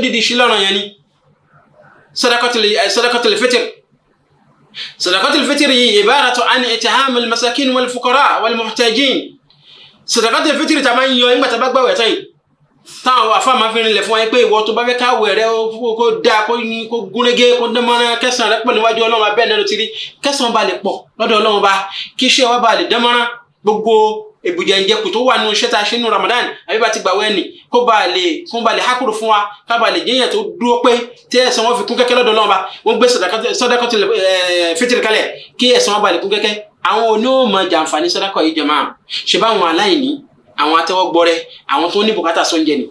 odidi ṣe lọ́rọ̀ yẹn ni sadakatele fetir sadakatele fetir yìí ibaratu an itiham almasakin wal fukara wal muhtajin sadakatele fetir ta máa ń yọ nígbà tá gbàwẹ̀ tán táwọn afáàmà fi rinlẹ̀ fún wa pé ìwọ tó bá fẹ́ káwé rẹ kó dáa kó ní kó gúnrégé kó dánmọ́rán kẹsàn rẹ pọ̀ níwájú ọlọ́run abẹ́ ẹ̀nà ti rí kẹsàn ba lè pọ̀ lọ́dọ̀ ọlọ́run ba kí iṣẹ́ wa ba lè dánmọ́rán gbogbo èbùjẹ ìjẹkù tó wà nínú iṣẹ́ tá a ṣe nínú Ramadan àbí bá ti gbàwé ẹnì kó ba lè kó ba lè hákùrù fún wa ká ba lè jẹ́yàn tó dúró pé tí ẹ̀sán wọn fi kún kẹ́kẹ́ lọ́dọ̀ ọlọ́run ba wọ́n gbé sọ́dákọ́tì àwọn atẹ́wọ́gbọ́rẹ́ àwọn tó ní bùkátà sóúnjẹ ni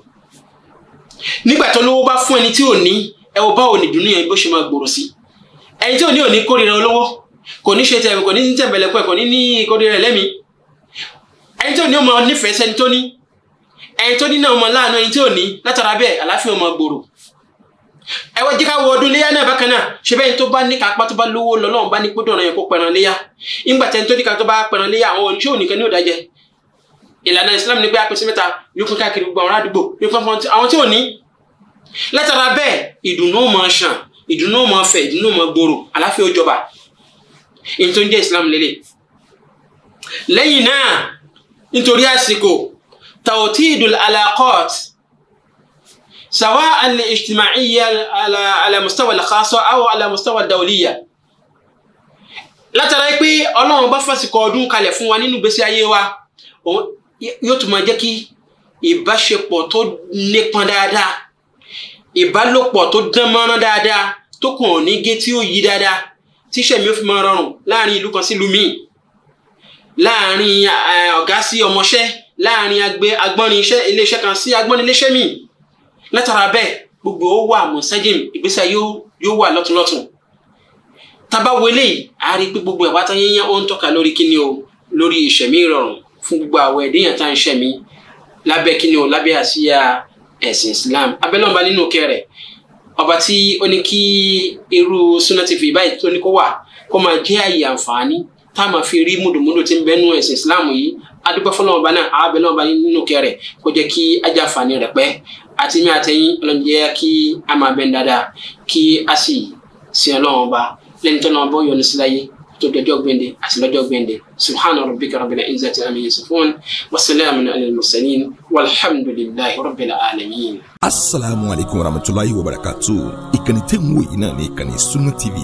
nígbà tó lówó bá fún ẹni tí ò ní ẹ wò báwo nìdùnnú yẹn bó ṣe máa gbòòrò sí ẹni tí ò ní ò ní kórìíra olówó kò ní ṣe tẹ̀mí kò ní ní tẹ̀m̀bẹ̀lẹ̀ pẹ̀ kò ní ní kórìíra ẹlẹ́mìí ẹni tí ò ní ó máa nífẹ̀ẹ́ sẹ́ni tó ní ẹni tó ní náà máa láàánú ẹni tí ò ní látara bẹ́ẹ̀ àlàáfíà máa gbòòrò ẹ wá jẹ́ ká wo ọdún léyà náà bákan náà ṣe bẹ́ẹ̀ tó bá ní kápá tó bá lówó lọ́lọ́run bá ní kó dọ̀ràn yẹn kó pẹran léyà ńgbà tẹ́ni tó ní ká tó bá pẹran léyà àwọn oníṣòwò nìkan ní òdájẹ́ ìlànà Islam ní pé apèsè mẹ́ta yóò pín káàkiri gbogbo àwọn àdúgbò yóò pín àwọn tí ò ní. látara bẹ́ẹ̀ ìdùnnú mọ̀ ṣàn ìdùnnú mọ̀ fẹ̀ ìdùnnú mọ̀ gbòòrò àláfíà ó jọba èyí tó ń jẹ́ Islam lélẹ̀. lẹ́yìn náà nítorí àsìkò tawtidul alaqat سواء الاجتماعية على على مستوى الخاصة أو على مستوى الدولية látara pé ọlọ́run bá fàsìkò ọdún kalẹ̀ fún wa nínú gbèsè ayé wa yóò tún máa jẹ́ kí ìbáṣepọ̀ tó nípọn dáadáa ìbálòpọ̀ tó dán mọ́rán dáadáa tó kàn ní gé tí ó yí dáadáa tí sẹ̀mí ó fi máa rọrùn láàrin ìlú kan sí ìlú míì láàrin ọ̀gá sí ọmọṣẹ́ láàrin agbẹ agbọ́nrin iṣẹ́ iléeṣẹ́ kan sí agbọ́nrin iléeṣẹ́ míì látara bẹ́ẹ̀ gbogbo ó wà mọ̀sẹ́jìm ìgbésẹ̀ yóò wà lọ́tùnlọ́tùn tábà wọlé pé gbogbo ẹ̀ wá yẹn yẹn ó ń tọ́ka lórí kíni o lórí ìṣẹ̀mí ìrọ̀rùn fún gbogbo àwọn ẹ̀dẹ́yàn tá à ń ṣẹ̀mí lábẹ́ o lábẹ́ àsíá ẹ̀sìn Islam abẹ́lọ́mba nínú kẹrẹ̀ ọba tí ó ní kí irú Sunna TV báyìí tó ní kó wà kó máa jẹ́ àyè àǹfààní tá a máa fi rí mùdùmùdù tí ń bẹ́nu ẹ̀sìn Islam yìí adúpẹ́ fọlọ́mọba náà abẹ́lọ́mba nínú kẹrẹ̀ kó jẹ́ kí ajá àǹfààní rẹ̀ pẹ́ àti mi àtẹ̀yìn ọlọ́njẹ́ kí a máa bẹ́ẹ̀ dáadáa kí a sì sin ọlọ́run ọba tó náà bọ́ yọ́nú sí láyé tó dọjọ́ gbẹ̀ndé àti lọ́jọ́ gbẹ̀ndé subhana rabbika rabbil izzati amma yasifun wa salamun alal mursalin walhamdulillahi rabbil alamin. asalaamu alaykum wa rahmatulahi wa barakatu ìkànnì tẹ́ ń wò yìí náà ní ìkànnì Sunna TV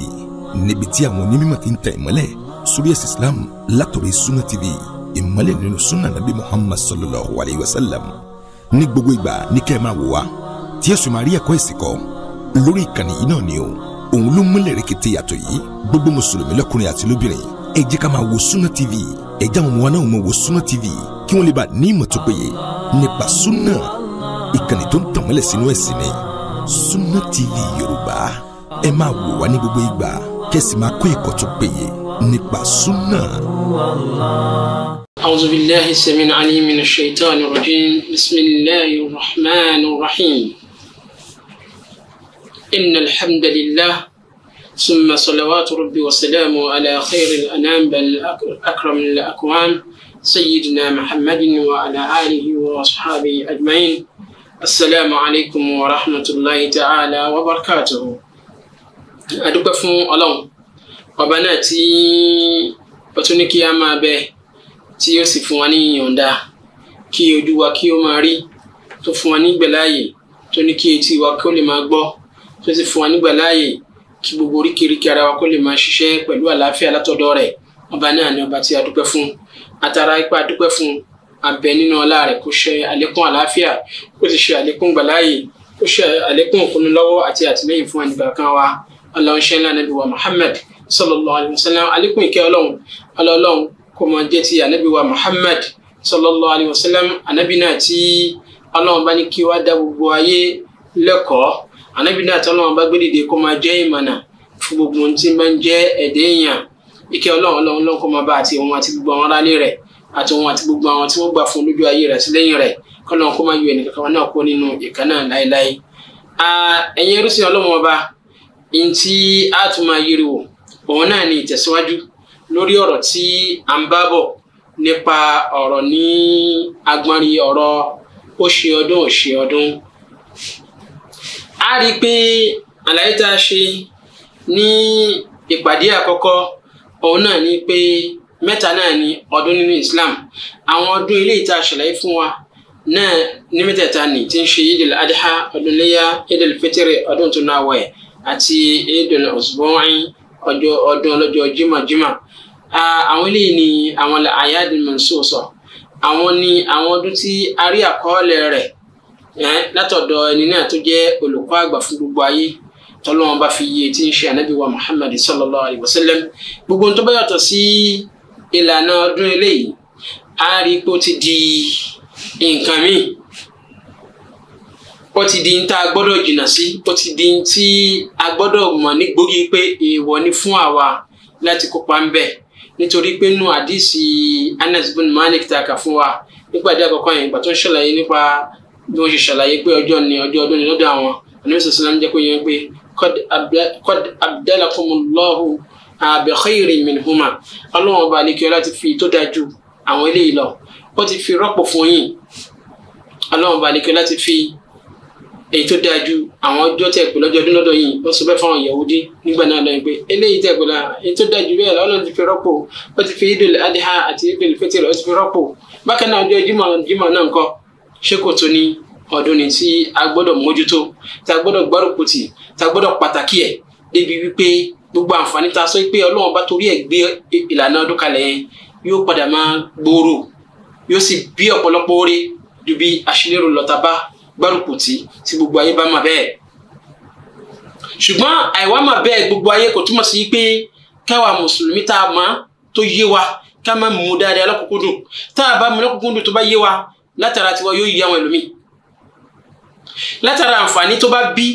níbi tí àwọn onímọ̀ ti ń tẹ̀ ìmọ́lẹ̀ suriyas islam látọ̀rọ̀ Sunna TV ìmọ́lẹ̀ nínú sunna nabi muhammad sallallahu alayhi wa sallam gbogbo ìgbà ní kẹ́ ẹ máa wò wá tí yẹ́sùn máa ni o òun ló múlẹ̀ rẹ̀kẹ̀tẹ̀ yàtọ̀ yìí gbogbo mùsùlùmí lọ́kùnrin àti lóbìnrin ẹ jẹ́ ká máa wo Sunna TV ẹ jẹ́ àwọn ọmọ náà máa wo Sunna TV kí wọ́n lè bá ní ìmọ̀ tó péye nípa Sunna ìkànnì tó ń tàn sínú ẹ̀sìn ni Sunna TV Yorùbá ẹ máa wò wá ní gbogbo ìgbà kẹ́sì máa kọ́ ẹ̀kọ́ tó péye nípa Sunna. أعوذ بالله السميع العليم من الشيطان الرجيم بسم الله الرحمن الرحيم إن الحمد لله ثم صلوات ربي وسلامه على خير الأنام بل أكرم الأكوان سيدنا محمد وعلى آله وأصحابه أجمعين السلام عليكم ورحمة الله تعالى وبركاته adúpẹ́ fún ọlọ́run ọba náà tí ó tún ní kí a máa bẹ tí ó sì fún wa ní ìyọ̀ǹda tó sì fún wa nígbà láàyè kí gbogbo oríkèéríkèé ara wa kó lè máa ṣiṣẹ́ pẹ̀lú àlàáfíà látọ̀dọ̀ rẹ̀ ọba náà ni ọba tí a dúpẹ́ fún atara ipa dúpẹ́ fún abẹ nínú ọlá rẹ̀ kó ṣe àlékún àlàáfíà kó sì ṣe àlékún gbàláyè kó ṣe àlékún òkúnú lọ́wọ́ àti àtìlẹ́yìn fún ẹnìgbà kan wa ọlọ́ọ̀ṣẹ́ ńlá nàbí wa Muhammad sallallahu alayhi wa sallam àlékún ìkẹ́ ọlọ́run ọlọ́ọ̀lọ́run kó máa wa Muhammad sallallahu alayhi wa sallam ànábì náà tí ọlọ́run bá ní kí anabi náà tí ọlọ́run bá gbé dìde kó máa jẹ́ ìmọ̀nà fún gbogbo ohun tí máa ń jẹ́ ẹ̀dẹ́ èèyàn ike ọlọ́run ọlọ́run ló kó máa bá àti òun àti gbogbo àwọn aráalé rẹ̀ àti òun àti gbogbo àwọn tí wọ́n gbà fún lójú ayé rẹ̀ sílẹ̀yìn rẹ̀ kọ́lọ́run kó máa yọ ẹnìkankan náà kó nínú ìkan náà láéláé. ẹ̀yin irúsìn ọlọ́run ọba ihun tí a tún máa yiri wò òun náà ni ìtẹ̀síwájú lórí ọ̀rọ̀ tí à ń bá bọ̀ nípa ọ̀rọ̀ ní agbọ́nrin ọ̀rọ̀ ó ṣe ọdún ó ṣe ọdún a rí i pé àlàyé tá a ṣe ní ìpàdé àkọ́kọ́ òun náà ni pé mẹ́ta náà ni ọdún nínú Islam àwọn ọdún ilé ìta ṣàlàyé fún wa náà ní mẹ́tẹ̀ẹ̀ta ni tí ń ṣe idil adha ọdún léyà idil fitiri ọdún tó náà wẹ̀ àti idil usbu'i ọjọ́ ọdún ọlọ́jọ́ jimajima àwọn eléyìí ni àwọn ayáàdì mọ̀nsóòsọ àwọn ni àwọn ọdún tí a rí àkọọ́lẹ̀ rẹ̀ látọ̀dọ̀ ẹni náà tó jẹ́ olùkọ́ àgbà fún gbogbo ayé tọ́lọ́wọ́n bá fi yé tí ń ṣe ànábì wa Muhammad sallallahu alayhi wa sallam gbogbo tó bá yàtọ̀ sí ìlànà ọdún eléyìí a ti di nǹkan míì ó ti di tá a gbọ́dọ̀ jìnnà sí ó ti di tí a gbọ́dọ̀ mọ̀ ní gbòógì pé èèwọ̀ ni fún àwa láti kópa ń bẹ̀ nítorí pé nù àdìsí Anas bin Malik ta kà fún wa nígbà dé àkọ́kọ́ yẹn ìgbà tó ń ṣàlàyé nípa bí wọ́n ṣe ṣàlàyé pé ọjọ́ ni ọjọ́ ọdún ni lọ́dọ̀ àwọn àníbi sọ̀sọ̀ náà ń jẹ́ pé yẹn pé qad abdalakumullahu bi khayrin minhuma ọlọ́run ọba àlekẹ́ láti fi tó dájú àwọn eléyìí lọ ó ti fi rọ́pò fún yín ọlọ́run ọba àlekẹ́ láti fi èyí tó dáa ju àwọn ọjọ́ tẹ̀ pé lọ́jọ́ ọdún lọ́dọ̀ yìí wọ́n sọ bẹ́ẹ̀ fáwọn Yahudi nígbà náà lọ́yìn pé eléyìí tẹ̀ pé èyí tó dáa bẹ́ẹ̀ lọ́nà ti fi rọ́pò ó ti fi Idul Adha àti Idul Fitr ó ti fi rọ́pò bákan náà ọjọ́ Jímọ̀ náà ńkọ́ ṣé kò tó ní ọdún ni tí a gbọ́dọ̀ mójútó tí a gbọ́dọ̀ gbárùkù tì tí a gbọ́dọ̀ pàtàkì ẹ̀ débi wípé gbogbo àǹfààní tá a sọ pé ọlọ́run bá torí ẹ̀ gbé ìlànà ọdún kalẹ̀ yẹn yóò padà máa gbòòrò yóò sì bí ọ̀pọ̀lọpọ̀ oore ju bí aṣílérò lọ́ta bá gbárùkù tì tí gbogbo ayé bá mà bẹ́ẹ̀. ṣùgbọ́n àìwá mà bẹ́ẹ̀ gbogbo ayé kò túmọ̀ sí pé káwa mùsùlùmí tá a mọ̀ tó yé wa ká má mú dáadáa lọ́kùnkúndùn tá a bá mú lọ́kùnkúndùn tó bá yé wa látara tiwa yóò yí àwọn ẹlòmíì látara àǹfààní tó bá bí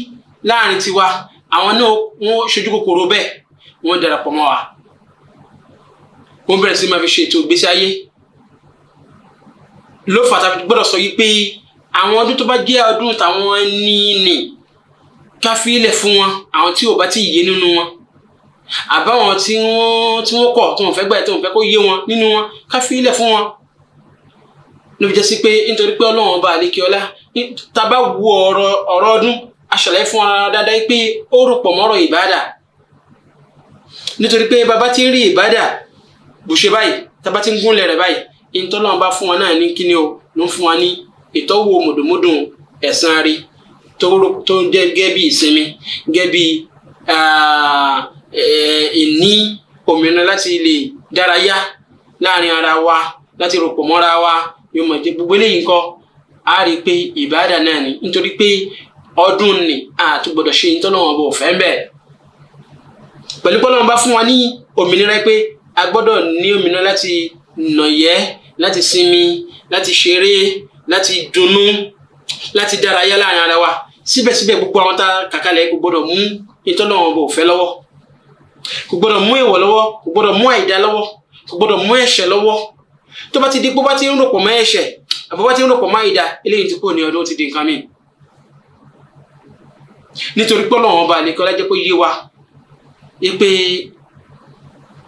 láàrin tiwa àwọn náà wọn ṣojú kòkòrò bẹ́ẹ̀ wọn darapọ̀ mọ́ wa wọn bẹ̀rẹ̀ sí máa fi ṣètò ìgbésí ayé ló fàtà gbọ́dọ̀ sọ yìí pé àwọn ọdún tó bá jẹ́ ọdún tàwọn ẹni nì ká fi ilẹ̀ fún wọn àwọn tí ò bá ti yé nínú wọn àbáwọn tí wọ́n tí wọ́n kọ̀ gbà tó wọ́n fẹ́ kó yé wọn nínú wọn ká fún wọn ló fi jẹ́ sí pé nítorí pé ọlọ́run ọba àlekíọ́lá tá a bá wo ọ̀rọ̀ ọ̀rọ̀ ọdún aṣọ̀lẹ́ fún ara dáadáa pé ó rò pọ̀ mọ́rọ̀ ìbádà nítorí pé bàbá ti ń rí ìbádà bó ṣe báyìí tábà ti ń gúnlẹ̀ rẹ̀ báyìí ìtọ́lọ́run bá fún wa náà ní kíni o ló ń fún wa ní ìtọ́wò mùdùmùdùn ẹ̀sán rí tó jẹ́ gẹ́gẹ́ ìsinmi gẹ́gẹ́ ìní òmìnira láti lè dárayá láàrin ara wa láti rò mọ́ra wa yóò mọ̀ jẹ́ gbogbo eléyìí nǹkan a rí i pé ìbáàdà náà ni nítorí pé ọdún ni àti gbọdọ̀ ṣe ìtọ́lọ́wọ́n bò fẹ́ bẹ́ẹ̀ pẹ̀lú pọ́lọ́wọ́n bá fún wa ní òmìnira pé a gbọ́dọ̀ ní òmìnira láti nọ̀yẹ́ láti sinmi láti ṣeré láti dunnú láti dárayá láàrin ara wa síbẹ̀síbẹ̀ gbogbo àwọn tá a kàkálẹ̀ kò gbọ́dọ̀ mú ìtọ́lọ́wọ́n bò fẹ́ lọ́wọ́ kò gbọ́dọ̀ mú ìwọ̀ lọ́wọ́ kò gbọ́dọ̀ mú àìdá lọ́wọ́ kò gbọ́dọ̀ mú ẹ̀ṣẹ̀ lọ́wọ́ tó bá ti di pé bá ti ń rò pọ̀ mọ́ ẹ̀ṣẹ̀ àbọ̀ bá ti ń rò mọ́ àìda eléyìí ti kúrò ní ọdún ti di nǹkan mi. nítorí pé ọlọ́run ọba àlekọ́ lájẹ́ pé yé wa pé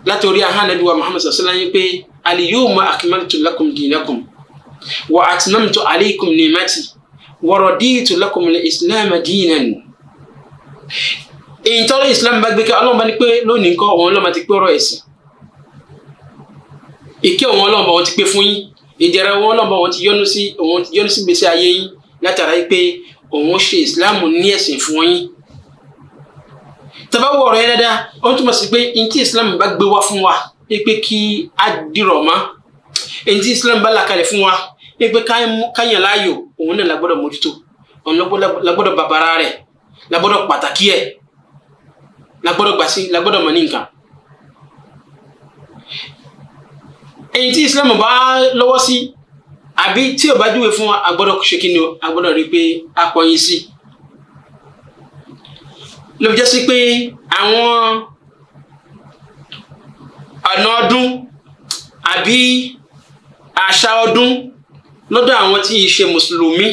látòrí ahánàbí wa muhammad sallallahu alayhi wa sallam yé pé al-yawma akmaltu lakum dinakum wa atmamtu alaykum ni'mati wa raditu lakum al-islam dinan ìyìntọ́rọ̀ islam bá gbé ká ọlọ́run bá ní pé lónìí nǹkan òun ìkẹ́ òun ọlọ́run bá wọn ti pé fún yín ìjẹrẹ òun ọlọ́run bá wọn ti yọ́nú sí òun ti yọ́nú sí gbèsè ayé yín látara pé òun ṣe ìsìláàmù ní ẹ̀sìn fún yín tabawo ọ̀rọ̀ yẹn dáadáa ó túmọ̀ sí pé n tí islam bá gbé wá fún wa ẹ pé kí á dìrọ̀ mọ́ n tí islam bá làkalẹ̀ fún wa ẹ pé káyàn láàyò òun náà lagbọ́dọ̀ mójútó òun lagbọ́dọ̀ bàbára rẹ̀ lagbọ́dọ̀ pàtàkì ẹ̀ lagbọ́dọ̀ gbàsí lagbọ́dọ̀ mọ̀ ní nǹkan èyí tí Islam bá lọ́wọ́ sí àbí tí ò bá júwe fún wa àgbọ́dọ̀ ṣe kí ni o àgbọ́dọ̀ rí i pé a kọ̀yìn sí i ló fi jẹ́ sí pé àwọn ọ̀nà ọdún àbí àṣà ọdún lọ́dọ̀ àwọn tí yìí ṣe mùsùlùmí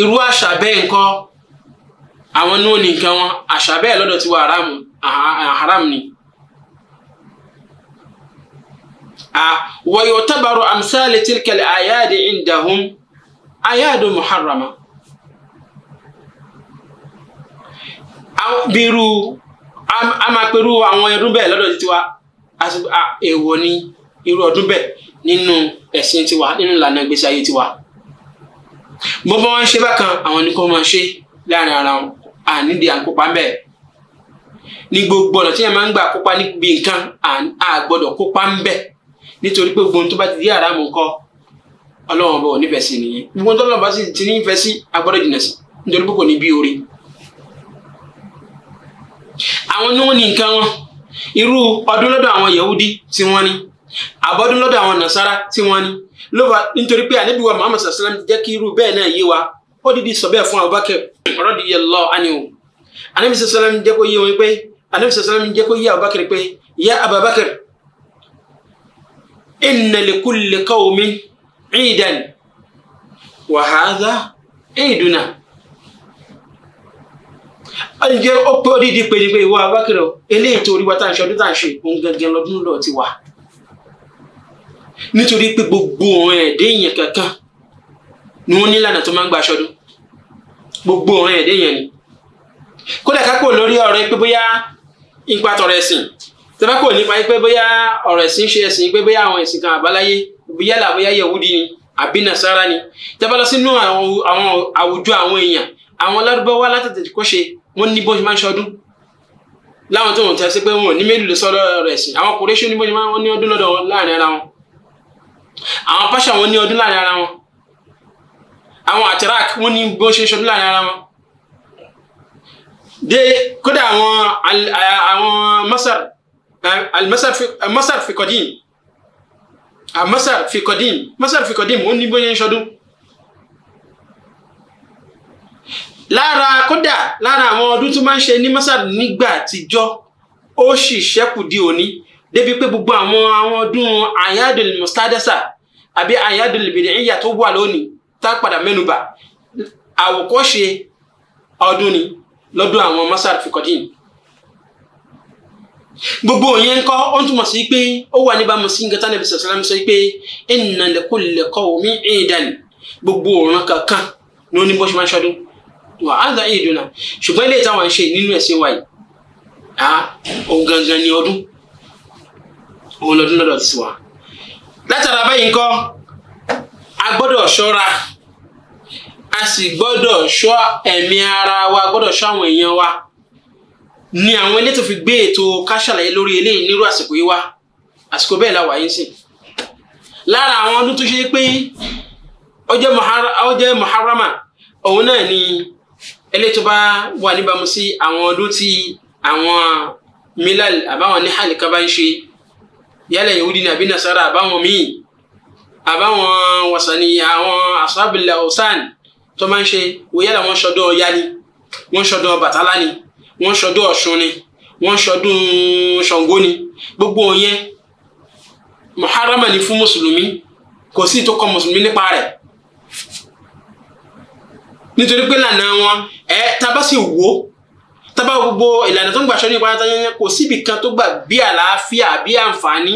irú àṣà bẹ́ẹ̀ ńkọ́ àwọn ní òní nǹkan wọn àṣà bẹ́ẹ̀ lọ́dọ̀ tiwa haram ni. ويعتبر أمثال تلك الأعياد عندهم أعياد محرمة bírú a máa perú àwọn irú bẹ́ẹ̀ lọ́dọ̀ tiwa èèwọ̀ ni irú ọdún bẹ́ẹ̀ nínú ẹ̀sìn tiwa nínú ìlànà ìgbésí ayé tiwa bó bá wọn ṣe bákan àwọn ni kò máa ṣe láàrin ara wọn ànídìí à ń kópa bẹ́ẹ̀ ní gbogbo ọ̀nà tí yẹn máa ń gbà kópa níbi nǹkan à gbọ́dọ̀ kópa ń nítorí pé gbogbo tó bá ti di àràmù ńkọ́ ọlọ́run ọba ò nífẹ̀ẹ́ sí nìyẹn gbogbo tó lọ́nà bá sì ti nífẹ̀ẹ́ sí agbọ́dọ̀ jìnnà sí nítorí pé kò ní bí orí. àwọn ní wọn ní nǹkan wọn irú ọdún lọ́dọ̀ àwọn Yahudi tí wọ́n ní àbọ̀dún lọ́dọ̀ àwọn Nasara tí wọ́n ní lófa nítorí pé ànábì wa sallam jẹ́ kí irú bẹ́ẹ̀ náà yé wa ó dìdí sọ bẹ́ẹ̀ fún Abubakar radiyallahu anhu sallam jẹ́ kó yé wọn sallam jẹ́ kó yé Abubakar pé ya inna likulli qawmin iidan wa hadha iiduna ǹjẹ́ ó pé ó dídí ni pé ìwọ abákẹ́rẹ́ o eléyìí wa tá à ń ṣe ọdún tá à ń gangan lọ́dún lọ́ọ̀ ti wà nítorí pé gbogbo ọ̀rọ̀ ẹ̀dẹ́ èèyàn kankan ni wọ́n nílànà tó máa ń gba aṣọ́dún gbogbo ọ̀rọ̀ ẹ̀dẹ́ èèyàn ni kódà kápò lórí ọ̀rọ̀ pé bóyá ipa tọrọ ẹ̀sìn tẹ́fẹ́ kò nípa pé bóyá ọ̀rọ̀ ẹ̀sìn ṣe ẹ̀sìn pé bóyá àwọn ẹ̀sìn kan àbáláyé yálà bóyá yẹ̀wúdi ni àbí nasara ni tẹ́fẹ́ lọ sínú àwọn àwùjọ àwọn èèyàn àwọn lárúbáwá látètè kọ́ṣe wọ́n ní bó ṣe máa ń ṣọdún láwọn tó ń tẹ́ sí pé wọn ò ní mélòó lè sọ́dọ̀ ọ̀rọ̀ ẹ̀sìn àwọn kòrèṣù ní bó ṣe máa ń ní ọdún lọ́dọ̀ láàrin ara wọn àwọn pàṣà wọn ní láàrin ara wọn àwọn àtẹrák wọn ní bó masar almasar euh, fi qadim almasar ah, fi qadim masar fi qadim òun ní bóyá ń ṣọdún lára kódà lára àwọn ọdún tó máa ń ṣe ní masar nígbà àtijọ́ ó sì ṣẹ́kù di òní débi pé gbogbo àwọn àwọn ọdún ayadul mustadasa àbí ayadul bid'iyya tó wà lónìí tá a padà mẹ́nuba àwòkọ́ṣe ọdún ni lọ́dún àwọn masar fi qadim gbogbo yẹn kọ́ ó ń túmọ̀ sí pé ó wà níbàámu sí nǹkan tánàbí sọ̀sọ́lá mi sọ pé inna li kulli qawmin iidan gbogbo òòrùn kankan ló ní bó ṣe máa ń ṣọdún wà á dá ìdùnnà ṣùgbọ́n ilé ìtawà ṣe nínú ẹ̀sìn wa á òun gangan ni ọdún òun lọdún lọ́dọ̀ ti wà látara báyìí ńkọ́ a gbọ́dọ̀ ṣọ́ra a sì gbọ́dọ̀ ṣọ́ ẹ̀mí ara wa gbọ́dọ̀ ṣọ́ àwọn èèyàn wa ni àwọn elétò fi gbé ètò ká lórí eléyìí nírú àsìkò yìí àsìkò bẹ́ẹ̀ la wà yín sìn lára àwọn ọdún tó ṣe pé ọjọ́ muharama òun náà ni eléyìí tó bá wà níbàámu sí àwọn ọdún tí àwọn milal àbáwọn níhàlì kan bá ń ṣe yálà yahudi ní àbí nasara àbáwọn míì àbáwọn wasani àwọn asábìlà ọsàn tó máa ń ṣe wòyálà wọn ṣọdún ọya ni wọn ṣọdún Ọbàtálá ni wọ́n ṣọdún ọ̀ṣun ni wọ́n ṣọdún ṣàngó ni gbogbo yẹn muharama ni fún mùsùlùmí kò sí ìtòkọ mùsùlùmí nípa rẹ̀ nítorí pé lànà wọn ẹ tábà sì wò tábà gbogbo ìlànà tó ń gbà ṣọdún ìpàdé tán kò síbi kan tó gbà bí àlàáfíà bí àǹfààní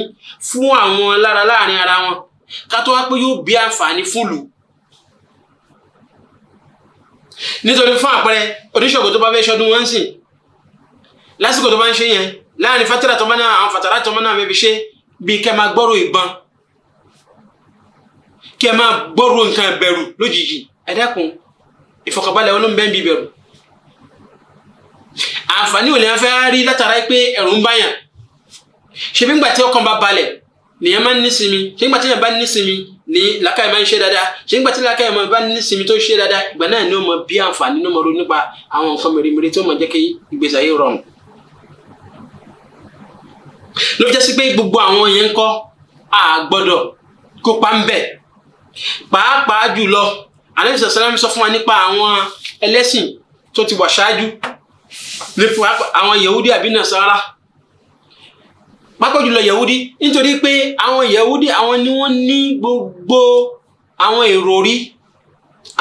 fún àwọn lára láàrin ara wọn ká tó wá pé yóò bí àǹfààní fún lù nítorí fún àpẹẹrẹ oníṣòwò tó bá fẹ́ ṣọdún wọn sìn lásìkò tó bá ń ṣe yẹn láàrin fatara tó máa àwọn fatara tó máa bẹbi ṣe bíi kẹ máa gbọ́rọ̀ ìbọn kẹ máa gbọ́rọ̀ nǹkan bẹ̀rù lójijì ẹ dákun ìfọkànbalẹ̀ wọn ló ń bẹ ń bí bẹ̀rù àǹfààní ò lè fẹ́ rí látara pé ẹ̀rù ń báyàn ṣebí ńgbà tí ọkàn bá balẹ̀ nìyẹn máa ń nísinmi ṣebí ńgbà tí yẹn bá nísinmi ní làákàyè máa ń ṣe dáadáa ṣebí ńgbà tí làákàyè máa bá nísinmi tó ṣe dáadáa ìgbà náà ni ó mọ bí àǹfààní ló mọ ronú nípa àwọn nǹkan mèremère tó mọ jẹ́ kí ìgbésí ayé rọrùn ló jẹ́ sí pé gbogbo àwọn yẹn ń kọ́ a gbọ́dọ̀ kópa ń bẹ̀ pàápàá jùlọ ànábì sàlám sọ fún wa nípa àwọn ẹlẹ́sìn tó ti wà ṣáájú nípa àwọn yahudi àbí nasara pápá jùlọ yahudi nítorí pé àwọn yahudi àwọn ni wọ́n ní gbogbo àwọn èrò rí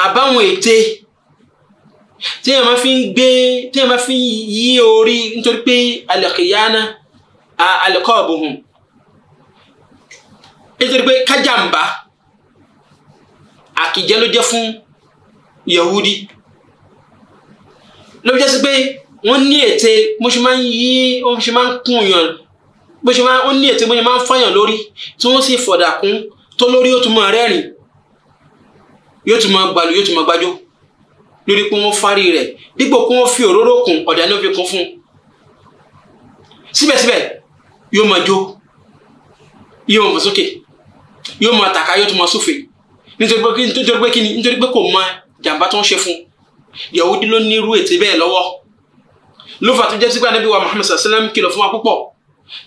àbáwọn ète tí èèyàn máa fi ń gbé tí èèyàn máa fi ń yí orí nítorí pé alẹ́kìyáná alqabuhum nítorí pé kájàmbá àkìjẹ́ ló jẹ́ fún yahudi ló jẹ́ sí pé wọ́n ní ète bó ṣe máa ń yí bó ṣe máa ń kún yàn bó ṣe máa ń ní ète bó ṣe máa ń fàyàn lórí tí wọ́n sì fọ̀dà kún tó lórí yóò tún máa rẹ́rìn yóò tún máa gbalù yóò tún máa gbájọ́ lórí pé wọ́n fárí rẹ̀ dípò kí wọ́n fi òróró kún ọ̀dà ni fi kún fún un yóò máa jó yóò máa fò sókè yóò máa tàka yóò tún máa súfè nítorí pé nítorí pé kíni nítorí pé kò mọ jàǹbá tó ń ṣe fún Yahudi ló ní irú ètè bẹ́ẹ̀ lọ́wọ́ ló fà tó jẹ́ sípé anábì wa Muhammad sallam kìlọ̀ fún wa púpọ̀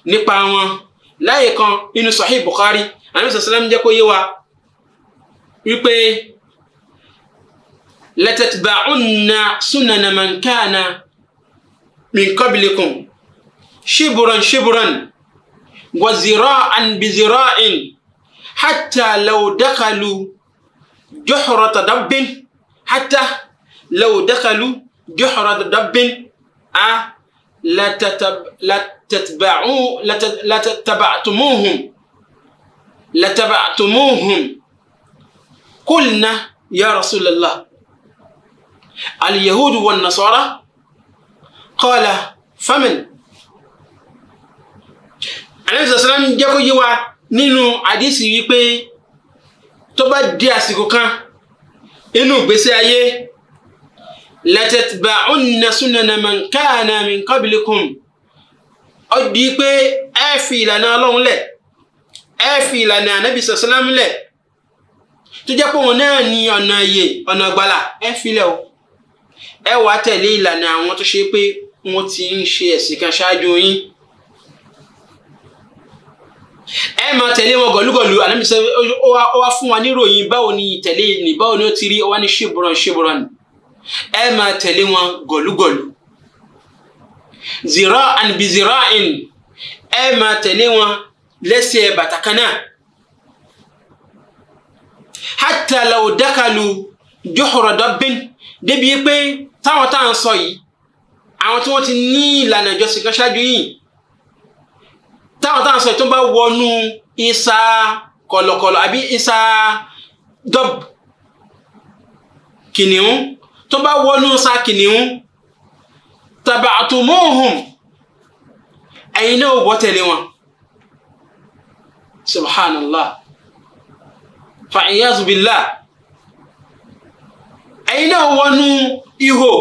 nípa wọn láàyè kan nínú Sahih Bukhari anábì sallam jẹ́ kó yé wa wípé latatba'unna sunana man kana min qablikum shiburan shiburan. وزراعا بزراع حتى لو دخلوا جحرة دب حتى لو دخلوا جحرة دب أه لتتبعوا لتتبعتموهم لتبعتموهم قلنا يا رسول الله اليهود والنصارى قال فمن ànábì sàlám jẹ́ kó yé wa nínú àdísì wípé tó bá di àsìkò kan inú ìgbésí ayé latatba'unna sunana man kana min qablikum ó di pé ẹ fi ìlànà ọlọ́run lẹ̀ ẹ fi ìlànà ànábì sàlám lẹ̀ tó jẹ́ pé òun náà ní ọ̀nà ìyè ọ̀nà ìgbàlà ẹ filẹ̀ o ẹ wàá tẹ̀lé ìlànà àwọn tó ṣe pé wọ́n ti ń ṣe ẹ̀sìn kan ṣáájú yín ẹ máa tẹ̀lé wọn gọ̀lúgọ̀lú ànábì sọ ó wá fún wa níròyìn báwo ni tẹ̀lé ni báwo ni ó ti rí ó wá ní ṣíbùrán ṣíbùrán ni ẹ máa tẹ̀lé wọn gọ̀lúgọ̀lú zira and bi zira in ẹ máa tẹ̀lé wọn lẹ́sẹ̀ bàtà kan náà hatta law dakalu juhra dabbin débi pé táwọn táwọn sọ yìí àwọn tí wọ́n ti ní ìlànà ìjọsìn kan ṣáájú yìí táwọn táwọn sọ tó bá wọnú isa kọlọkọlọ àbí isa dọb kìnìún tó bá wọnú isa kìnìún tabatumuhum ẹ̀yin náà wọ́ tẹ̀lé wọn subhanallah fàìyàzù bìlá ẹ̀yin náà wọnú ihò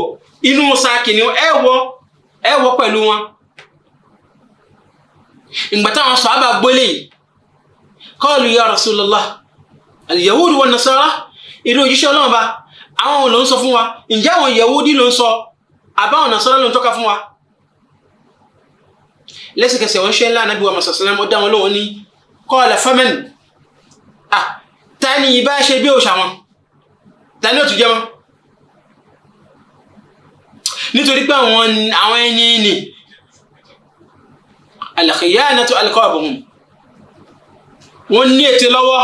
inú isa kìnìún ẹ wọ ẹ wọ pẹ̀lú wọn ìgbà táwọn sàhábà gbólé yìí qalu ya Rasulullah al-Yahud wa Nasara ìlú òjíṣẹ́ ọlọ́run bá àwọn ló ń sọ fún wa ǹjẹ́ àwọn Yahudi ló ń sọ àbáwọn Nasara ló ń tọ́ka fún wa lẹ́sẹ̀kẹsẹ̀ wọ́n ṣe ńlá anábì wa masasana dá wọn lóhùn ní qala faman ah ta ni ṣe bí òòṣà wọn ta ó tún jẹ wọn nítorí pé àwọn ẹni nì alkhiyanatu alqabuhum wọ́n ní ète lọ́wọ́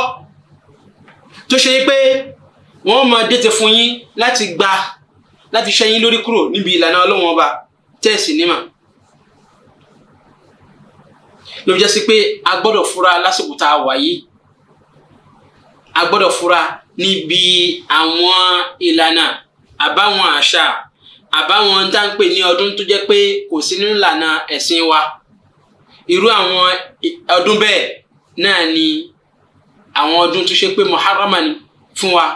tó ṣe pé wọ́n máa dètè fún yín láti gba láti ṣe yín lórí kúrò níbi ìlànà ọlọ́wọ́n ọba tẹ́ẹ̀sì nímà ló fi jẹ́ sí pé a gbọ́dọ̀ fura lásìkò tá a wà yìí a gbọ́dọ̀ fura níbi àwọn ìlànà àbáwọn àṣà àbáwọn tá à ń pè ní ọdún tó jẹ́ pé kò sí nínú ẹ̀sìn wa irú àwọn ọdún bẹ́ẹ̀ náà ni àwọn ọdún tó ṣe pé muharama ni fún wa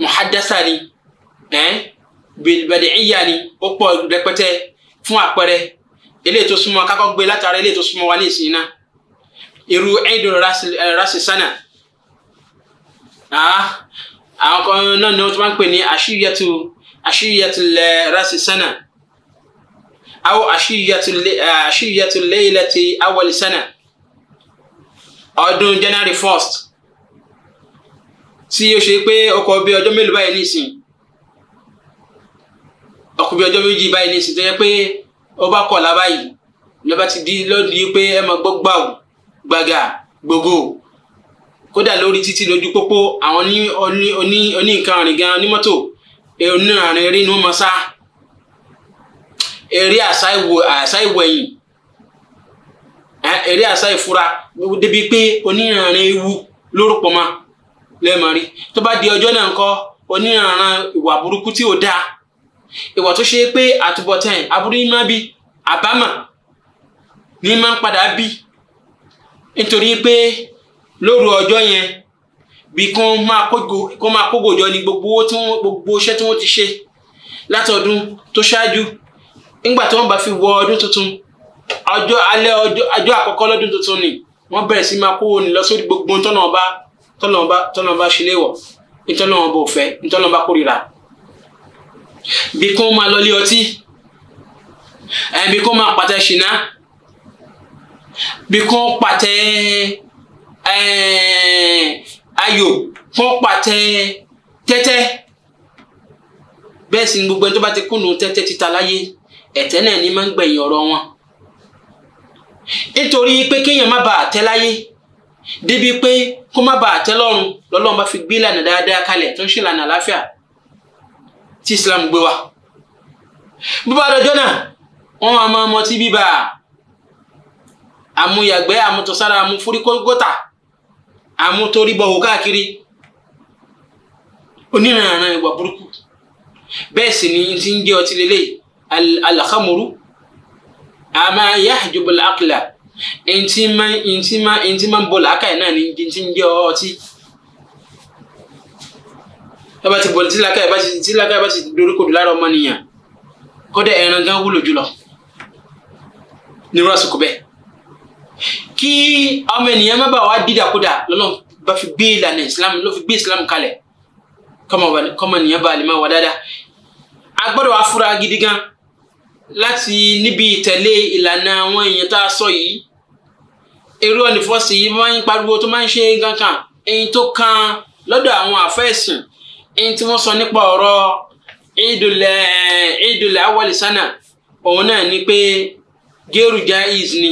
muhadasa ni bilbadiya ni ó pọ̀ rẹpẹtẹ fún àpẹẹrẹ eléyìí tó súnmọ́ kákọ́ gbé látara eléyìí tó súnmọ́ wa ní ìsìn náà irú ẹ̀ẹ́dùn rasi sana ah, àwọn kan náà ni wọ́n ti máa ń pè ní àṣíyẹ̀tù àṣíyẹ̀tù rasi sana aw ashiyatu laylati awwal sana ọdún january first tí ó ṣe pé ó kọ bí ọjọ́ mélòó báyìí nísìn ó kọ bí ọjọ́ méjì báyìí nísìn tó yẹ pé ó bá kọ̀ lábáyìí lọ́ba ti di lọ́dún yìí pé ẹ máa gbọ́ gbàù gbàgà gbogbo kódà lórí títí lójú pópó àwọn oní nǹkan rìn gan onímọ́tò èrò nínú àárín eré ni wọ́n máa sá eri àṣà ìwò àṣà ìwẹ̀yìn eré àṣà ìfura débi pé oníranran ewu lórúkọ mọ lẹ́ẹ̀mọ́ rí tó bá di ọjọ́ náà ńkọ́ oníranran ìwà burúkú tí ò dáa ìwà tó ṣe pé àtúbọ̀tán aburú ní máa bí àbámọ̀ ní máa ń padà bí nítorí pé lóru ọjọ́ yẹn bí kí máa kógo kí máa kógo jọ ní gbogbo iṣẹ́ tí wọ́n ti ṣe látọdún tó ṣáájú nígbà tí wọ́n bá fi wọ ọdún tuntun ọjọ́ alẹ́ ọjọ́ àkọ́kọ́ lọ́dún tuntun ni wọ́n bẹ̀rẹ̀ sí máa kówó ni lọ sórí gbogbo tọ́nàmọba tọ́nàmọba tọ́nàmọba ṣíléwọ̀ ìtọ́nàmọba òfẹ́ ìtọ́nàmọba kórìíra bí kò máa lọ lé ọtí eh, bí kò máa pàtẹ ṣìnà bí kò pàtẹ eh, ayò kò pàtẹ tẹ́tẹ́ bẹ́ẹ̀ sì ni gbogbo ẹni tó bá ti kùnú tẹ́tẹ́ títa láyé ẹ̀tẹ́ náà ni máa ń gbẹ̀yìn ọ̀rọ̀ wọn nítorí pé kéèyàn má bàa tẹ́ láyé débi pé kó má bàa tẹ́ lọ́rùn lọ́lọ́run bá fi gbé ìlànà dáadáa kalẹ̀ tó ń ṣe ìlànà àláfíà tí Islam gbé wa bí bá dọjọ́ náà wọ́n máa mọ ọmọ tí bíbá àmúyàgbẹ́ àmútọ̀sára àmúfúríkọ́gọ́tà àmútoríbọ̀wò káàkiri onírànràn ìwà burúkú bẹ́ẹ̀ sì ni ti ń jẹ́ ọtí lélẹ́yìí alhamuru a máa yahjubu al-aqla ntí máa ntí máa ntí máa ń bọ̀ làákàyè náà ní ntí ń jẹ́ ọtí tọ́ba ti bọ̀lì tílaka ẹ̀ bá ti tílaka ẹ̀ bá ti doríkodò lára ọmọnìyàn kọ́dà ẹran gan wúlò jùlọ nírú àsìkò bẹ́ẹ̀ kí ọmọ ènìyàn má bàa wá dídàkudà lọ́nà bá fi gbé ìlànà Islam ló fi gbé Islam kalẹ̀ kọ́mọ ènìyàn bá lè má wà dáadáa a gbọ́dọ̀ gidi gan láti níbi ìtẹ̀lé ìlànà àwọn èèyàn tá a sọ yìí eré ọ̀nìfọ́sì yìí máa ń pariwo tó máa ń ṣe kankan èyí tó kan lọ́dọ̀ àwọn àfẹ́sìn èyí tí wọ́n sọ nípa ọ̀rọ̀ ìdùlẹ̀ ìdùlẹ̀ eh, awọ́lìsánà òun náà ni pé gẹ́rù jaiz ni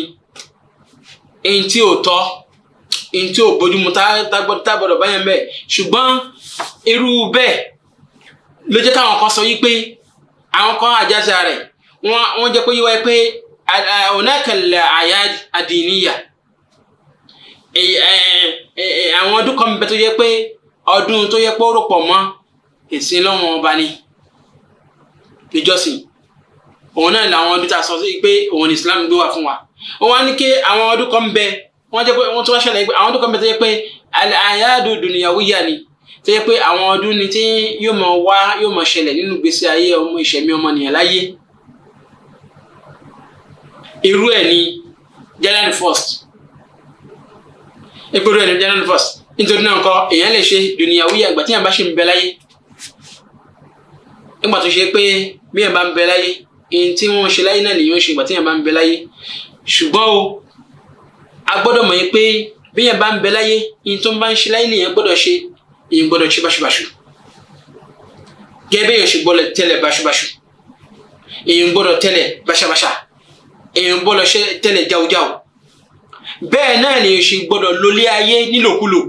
èyí tí ò tọ́ èyí tí ò bójúmu tábọ̀dọ̀ báyẹn bẹ́ẹ̀ ṣùgbọ́n irú bẹ́ẹ̀ ló jẹ́ káwọn kan sọ yí pé àwọn kan àjáṣà rẹ̀ wọn wọn jẹ pé yíwáyé pé onákàlẹ àyà àdìníyà àwọn ọdún kan bẹ tó yẹ pé ọdún tó yẹ pé ó rò pọ̀ mọ́ ìsìn lọ́wọ́n ọba ni ìjọsìn òun náà làwọn ọdún tá a sọ sí pé òun ni Islam gbé wà fún wa ó wá ní kí àwọn ọdún kan bẹ wọn jẹ pé wọn tún wá ṣẹlẹ̀ pé àwọn ọdún kan bẹ tó yẹ pé àyàdù dùnìyàwóyà ni tó yẹ pé àwọn ọdún ni tí yóò mọ wá yóò mọ ṣẹlẹ̀ nínú gbèsè ayé ọmọ ìṣẹ̀mí ọmọnìyàn láyé irú ẹ̀ ní January first egbodò ẹ̀ ní January first nítorí náà nǹkan èèyàn lè ṣe dùnìyàwó yà ìgbà tí yàn bá ṣe ń bẹ láyé nígbà tó ṣe pé bí yàn bá ń bẹ láyé ihun tí wọ́n ṣe láyé náà nìyẹn ṣe ìgbà tí yàn bá ń bẹ láyé ṣùgbọ́n o a gbọ́dọ̀ mọ̀ yín pé bí yàn bá ń bẹ láyé ihun tó ń bá ń ṣe láyé nìyẹn gbọ́dọ̀ ṣe èyí gbọ́dọ̀ ṣe báṣubàṣu gẹ́gẹ́ bí èèyàn ṣe gbọ́dọ̀ tẹ́lẹ̀ báṣubàṣu èyí gbọ́dọ̀ tẹ́lẹ̀ báṣabáṣa èèyàn ń bọ́ lọ tẹ́lẹ̀ jáujáu bẹ́ẹ̀ náà ni èèyàn ṣe gbọ́dọ̀ lólé ayé nílòkulò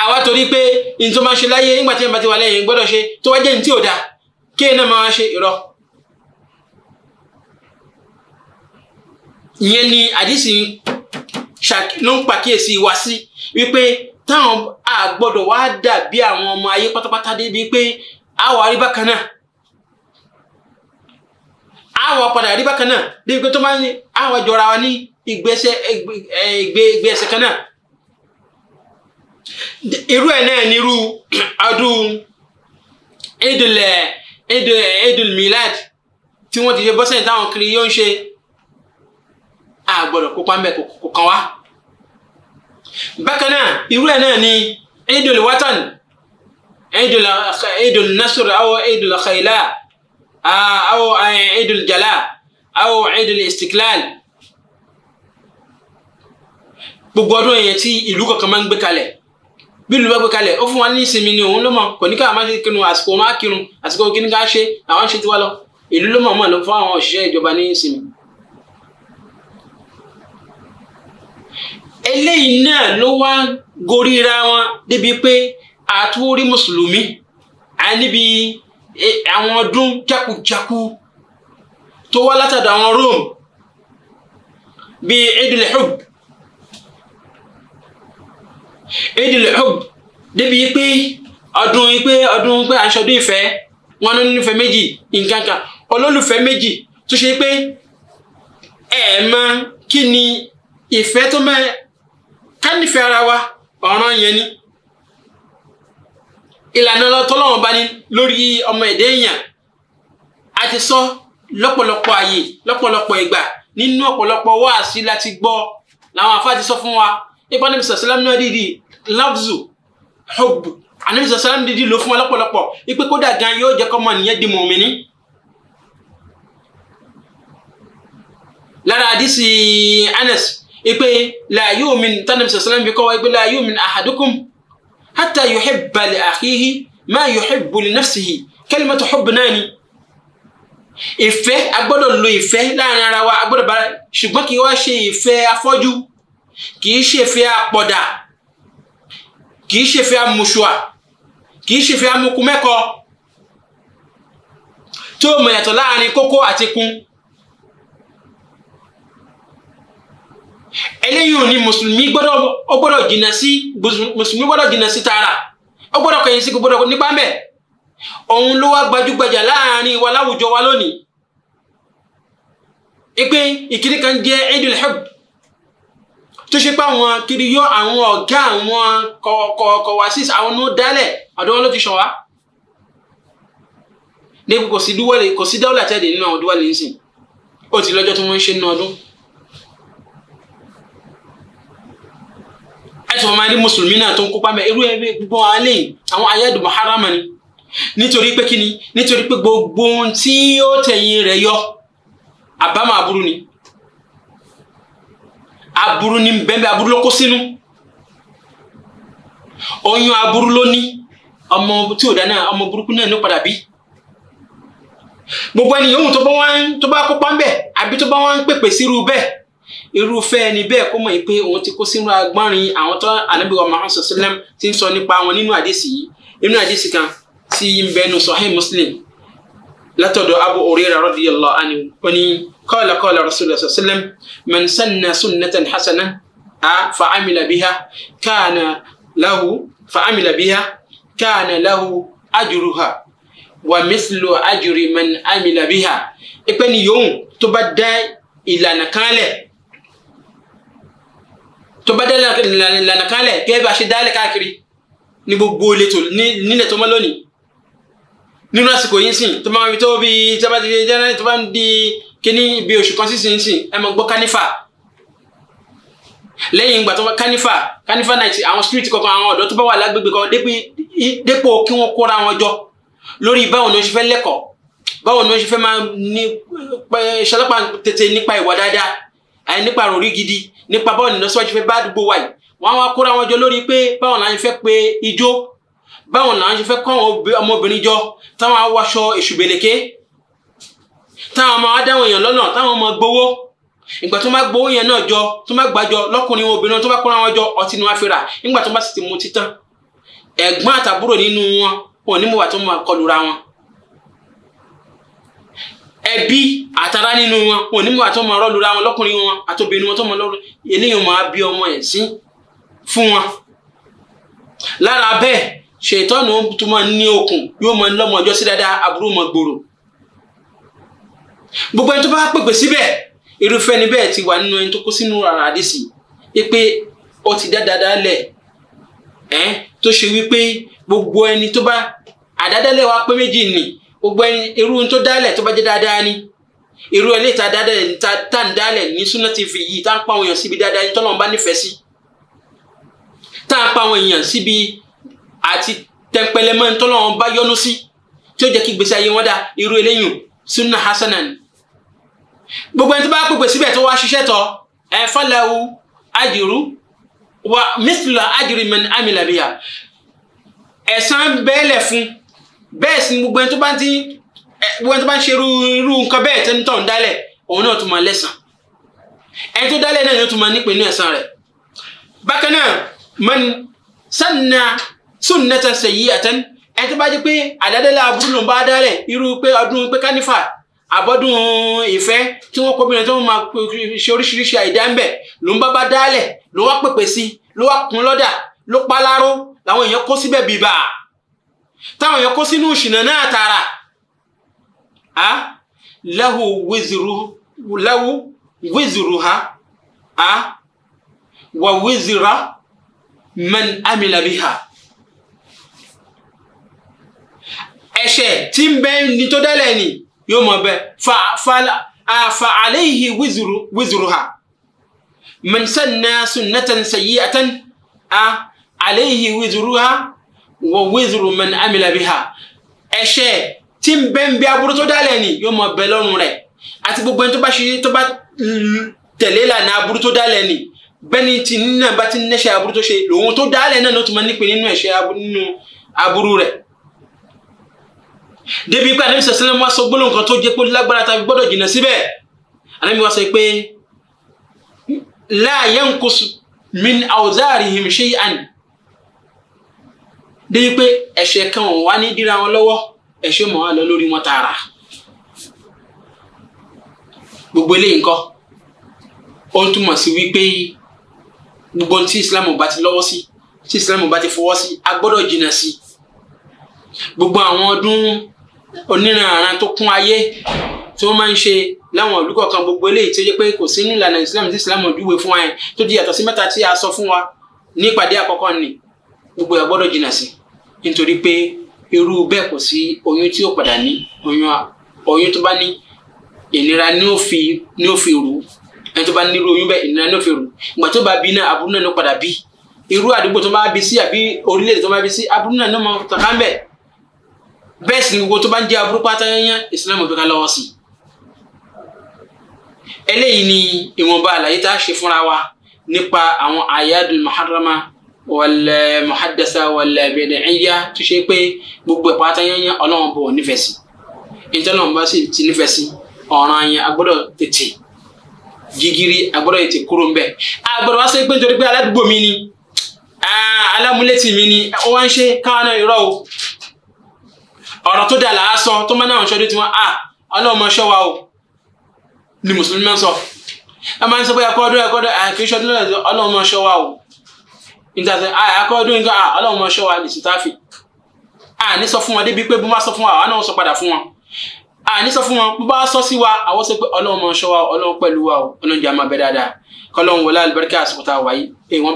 àwa torí pé n tó máa ṣe láyé nígbà tí ìbá ti wà lẹ́yìn gbọ́dọ̀ ṣe tó wá jẹ́ ní tí ò dáa kí ẹ náà máa ṣe irọ́ ìyẹn ni àdìsí ló ń pàkíyèsí wá sí wípé táwọn àgbọ́dọ̀ wá dàbí àwọn ọmọ ayé pátápátá débi pé àwọn àríbákan náà àwọn padà rí bákan náà bíi pé tó máa ń ní àwọn jọra wa ní ìgbésẹ̀ ìgbésẹ̀ kan náà irú ẹ̀ náà nírú ọdún ìdìlẹ̀ ìdìlẹ̀ milad tí wọ́n ti ṣe bọ́sẹ̀ táwọn kiri yóò ń ṣe àgbọ̀dọ̀ kópa ń bẹ̀ kò kàn wá bákan náà irú ẹ̀ náà ni ìdìlẹ̀ watan ìdìlẹ̀ nasr àwọn ìdìlẹ̀ khaila. أو عيد الجلاء أو عيد الاستقلال gbogbo ọdún ẹ̀yẹ tí ìlú kankan máa ń gbé kalẹ̀ bí ìlú bá gbé kalẹ̀ ó fún wa ní ìsinmi ni òun ló mọ̀ kò ní ká máa ṣe kinu àsìkò máa kinu àsìkò kíní ká ṣe àwọn ṣe ti wá lọ ìlú ló mọ̀ mọ̀ ló fún àwọn òṣìṣẹ́ ìjọba ní ìsinmi. eléyìí náà ló wá goríra wọn débi pé àtúwórí mùsùlùmí àníbi Eh, àwọn ọdún jákujáku tó wá látàdà àwọn Rome bíi Eidul Hub Eidul Hub débi pé ọdún pé ọdún pé aṣọdún ìfẹ́ wọn ní nífẹ́ méjì nǹkan olólùfẹ́ méjì tó ṣe pé ẹ mọ̀ kí ni ìfẹ́ tó mẹ́ ká nífẹ̀ẹ́ ara wa ọ̀ràn yẹn ni. ìlànà tọ́lọ́wọ́n bá ní lórí ọmọ ẹ̀dẹ́ èèyàn a ti sọ lọ́pọ̀lọpọ̀ àyè lọ́pọ̀lọpọ̀ ìgbà nínú ọ̀pọ̀lọpọ̀ wáàsí láti gbọ́ làwọn afá ti sọ fún wa ipa níbi sàṣálàm náà dìdì lafzu hubb àníbi sàṣálàm dìdì ló fún wa lọ́pọ̀lọpọ̀ ipe kódà gan yóò jẹ́ kọ́mọ nìyẹn di mùmínì. lára àdìsí Anas ipe la yu'min tánàbí sàṣálàm fi kọ́ wa ipe la yu'min ahadukum حتى يحب لأخيه ما يحب لنفسه كلمة حب ناني hubb náà ni ìfẹ́ a gbọ́dọ̀ lo ìfẹ́ láàrin ara wa a gbọ́dọ̀ bára ṣùgbọ́n kì í wá ṣe ìfẹ́ afọ́jú kì í ṣe ìfẹ́ apọ̀dà kì í ṣe ìfẹ́ amùṣùà kì í ṣe ìfẹ́ amukú mẹ́kọ tó mọ̀ yàtọ̀ láàrin kókó àti kun eléyìí ò ní mùsùlùmí gbọ́dọ̀ ó gbọ́dọ̀ jìnnà sí mùsùlùmí gbọ́dọ̀ jìnnà sí tààrà ó gbọ́dọ̀ kẹ̀yìn sí gbọ́dọ̀ nípa mẹ òun ló wá gbajúgbajà láàrin wa láwùjọ wa lónìí ipe ìkíní kan jẹ idul hub tó ṣe pé àwọn kiri yọ àwọn ọgá àwọn kọwàsís àwọn ní ó dálẹ̀ ọ̀dọ̀ wọn ló ti sàn wá ní kò sí dúwọlé kò sí dáwọlá tẹ̀lé nínú àwọn dúwọlé ń sìn ó ti lọ́jọ́ tó wọ́n ń ṣe nínú ọdún ẹ tún máa rí mùsùlùmí náà tó ń kópa mẹ irú ẹgbẹ gbogbo àwọn alẹ àwọn ayédùn muharama ni nítorí pé kíni nítorí pé gbogbo ohun tí ó tẹ̀yìn rẹ̀ yọ àbámọ̀ aburú ni aburú ni bẹ́ẹ̀ aburú ló kó sínú oyún aburú ló ní ọmọ tí ò dáná ọmọ burúkú náà ló padà bí gbogbo ẹni yòówù tó bá wọn tó bá kópa ń bẹ àbí tó bá wọn ń pèpè sírú bẹ́ẹ̀ irúfẹ́ ẹni bẹ́ẹ̀ kó mọ̀ pé òun ti kó sínú agbọ́nrin àwọn tó ànábì wa Muhammad sallam ti ń sọ nípa wọn nínú àdìsí yìí nínú àdìsí kan tí ń bẹnu Sahih Muslim látọ̀dọ̀ Abu Hurairah radiyallahu anhu ó ní qala qala rasulullah sallam man sanna sunnatan hasanah fa'amila biha kana lahu fa'amila biha kana lahu ajruha wa mithlu ajri man amila biha ìpẹ́ni yòówù tó bá dá ìlànà kan lẹ̀ tó bá dá ìlànà kan lẹ̀ gẹ́gẹ́ bá ṣe dálẹ̀ káàkiri ní gbogbo ìletò nílẹ̀ tó mọ́ lónìí nínú àsìkò yìí sìn tó máa fi tó bí tó bá ti di jẹ́nẹ́rì tó bá ń di kíní bí oṣù kan sí sìn sìn ẹ máa gbọ́ kánífà lẹ́yìn ìgbà tó bá kánífà kánífà náà àwọn street kọ̀ọ̀kan àwọn ọ̀dọ́ tó bá wà lágbègbè kan dépò kí wọ́n kóra wọn jọ lórí báwo ni wọ́n ṣe fẹ́ lẹ́kọ̀ọ́ báwo ni wọ́n ṣe fẹ́ máa ní tètè nípa ìwà dáadáa àyè nípa àrùn rí gidi nípa báwọn ìlọsíwájú fẹ́ bá àdúgbò wa yìí wọn wá kóra wọn jọ lórí pé báwọn làwọn fẹ́ pe ijó báwọn làwọn fẹ́ kọ́ àwọn ọmọbìnrin jọ táwọn á wọṣọ èṣùbẹ̀lẹ̀kẹ́ táwọn ọmọ adáwọn èèyàn lọ́nà táwọn ọmọ gbowó ìgbà tó má gbowó yẹn náà jọ tó má gbàjọ lọ́kùnrin obìnrin tó bá kóra wọn jọ ọtí ni wọn fi rà nígbà tó bá sì ti mu títàn ẹ̀gbọ́n àtàbúrò nínú wọn wọn ò ní mọ̀ wà tó máa kọlù ra wọn ẹbí àtàrà nínú wọn wọn nígbà tó máa rọ́ọ̀lù ra wọn lọ́kùnrin wọn àtòbìnrin wọn tó máa lọ́rùn eléyìí máa bí ọmọ ẹ̀ sí fún wọn. lára bẹ́ẹ̀ ṣètọ́nù tó máa ní okùn yóò máa lọ́mọ ọjọ́ sí dáadáa àbúrò máa gbòòrò. gbogbo ẹni tó bá pèpè síbẹ̀ irúfẹ́ ni bẹ́ẹ̀ ti wà nínú ẹni tó kó sínú ara àdìsí pé ó ti dá dáadáa lẹ̀ ẹ́ tó ṣe wípé gbogbo ẹni tó bá àdádálẹ̀ wa pé méjì nìyí gbogbo irú tó dálẹ̀ tó bá jẹ́ dáadáa ni irú ẹ̀ lè ta dáadáa ta tá ń dálẹ̀ ní Sunna TV yìí tá ń pa àwọn èèyàn síbi dáadáa ní tọ́lọ́run bá nífẹ̀ẹ́ sí tá ń pa àwọn èèyàn síbi àti tẹ̀pẹ̀lẹ̀mọ́ ní tọ́lọ́run bá yọ́nú sí tí ó jẹ́ kí gbèsè ayé wọn dá irú eléyìn Sunna hasana ni gbogbo ẹni tó bá pèpè síbẹ̀ tó wá ṣiṣẹ́ tọ ẹ falahu ajru wa mithla ajri man amila biha ẹ̀san bẹ́ẹ̀lẹ̀ fún bẹ́ẹ̀ sì ni gbogbo ẹni tó bá ti gbogbo ẹni tó bá ń ṣe irú irú nǹkan bẹ́ẹ̀ tẹ́ni tó ń dálẹ̀ òun náà tún máa lẹ́san ẹni tó dálẹ̀ náà ni ó tún máa nípe inú ẹ̀san rẹ̀ bákan náà man sanna sunnatan sayyi'atan ẹni tó bá jẹ́ pé àdádálẹ̀ aburú ló ń bá dálẹ̀ irú pé ọdún pé kánífà àbọ́dún ìfẹ́ tí wọ́n kóbìnrin tó máa ṣe oríṣiríṣi àìdá ń bẹ̀ ló ń bá bá dálẹ̀ ló wá pèpè sí ló wá kún lọ́dà ló pa láró làwọn èèyàn kó síbẹ̀ bíbà táwọn yẹn kó sínú ìṣìnà náà tààrà a lahu wizru lahu wizru ha a wa wizra man amila biha ẹ̀ṣẹ̀ tí ń bẹ ní tó dẹ́lẹ̀ ni yóò mọ̀ bẹ fa fa fa alayhi wizru wizru ha man sanna sunnatan sayyi'atan a alayhi wizruha wa wizru man amila biha ẹ̀ṣẹ̀ tí ń bẹ ń bí aburú tó dálẹ̀ ni yóò máa bẹ lọ́rùn rẹ̀ àti gbogbo ẹni tó bá ṣe tó bá tẹ̀lé ìlànà aburú tó dálẹ̀ ni bẹ́ni tí náà bá ti nẹ́ṣẹ̀ aburú tó ṣe lòun tó dálẹ̀ náà ló ti máa nípe nínú ẹ̀ṣẹ̀ nínú aburú rẹ̀ débi pé àdébísọ̀ sílẹ̀ wá sọ gbólóhùn kan tó jẹ́ pé lágbára tàbí gbọ́dọ̀ jìnnà síbẹ̀ àdébí sọ pé la yankus min awzarihim shay'an dé wípé ẹ̀ṣẹ̀ kan ò wá ní díra wọn lọ́wọ́ ẹ̀ṣẹ̀ mọ̀ wá lọ lórí wọn tààrà gbogbo eléyìí ńkọ́ ó ń túmọ̀ sí wípé gbogbo tí Islam bá ti lọ́wọ́ sí tí Islam bá ti fọwọ́ sí a gbọ́dọ̀ jìnnà sí gbogbo àwọn ọdún oníranàran tó kún ayé tí wọ́n máa ń ṣe láwọn ìlú kọ̀ọ̀kan gbogbo eléyìí tó jẹ́ pé kò sí nílànà Islam tí Islam júwe fún wa yẹn tó di yàtọ̀ sí mẹ́ta tí a sọ fún wa ní ìpàdé àkọ́kọ́ ni gbogbo ẹ̀ gbọ́dọ̀ jìnnà sí nítorí pé irú bẹ́ẹ̀ kò sí oyún tí ó padà ní oyún oyún tó bá ní ìnira ni ó fi ni ó fi rù ẹni tó bá nílò oyún bẹ́ẹ̀ ìnira ni ó fi rù ìgbà tó bá bí náà aburú náà ló padà bí irú àdúgbò tó bá bí sí àbí orílẹ̀-èdè tó bá bí sí aburú náà ló máa tàn ń bẹ̀ bẹ́ẹ̀ sì ni gbogbo tó bá ń jẹ́ aburú pátá yányán ìsìlámù fi ká lọ́wọ́ sí i eléyìí ni ìwọ̀nba àlàyé tá a ṣe fúnra wa nípa àwọn àyádùn muharrama wọlé muhadasa wọlé bẹdẹẹyà tó ṣe pé gbogbo ìpàtà yẹnyẹn Ọlọ́run bò nífẹ̀ẹ́ sí ìtọ́lọ́run bá sì ti nífẹ̀ẹ́ sí ọ̀ràn yẹn agbọ́dọ̀ tètè gígírí agbọ́dọ̀ tètè kúrò ń bẹ̀ agbọ́dọ̀ wá sí pé nítorí pé aládùúgbò mi ni alámúlétì mi ni ó wá ń ṣe káwọn náà irọ́ o ọ̀rọ̀ tó dà láásọ tó máa náà ṣọdún tí wọ́n à Ọlọ́run máa nítorí akọ́dún nígbà ọlọ́run mọ̀ ṣọ́wá lè ṣe táàfì à ní sọ fún wọn débi pé bó má sọ fún wa àwọn náà sọ padà fún wọn àní sọ fún wọn bó bá sọ sí wa àwọn sọ pé ọlọ́run máa ṣọ́ wa ọlọ́run pẹ̀lú wa o ọlọ́run jẹ́ àmàbẹ́ dáadáa kọ́lọ́run wọlé àlùbáríkà àsìkò tá a wáyé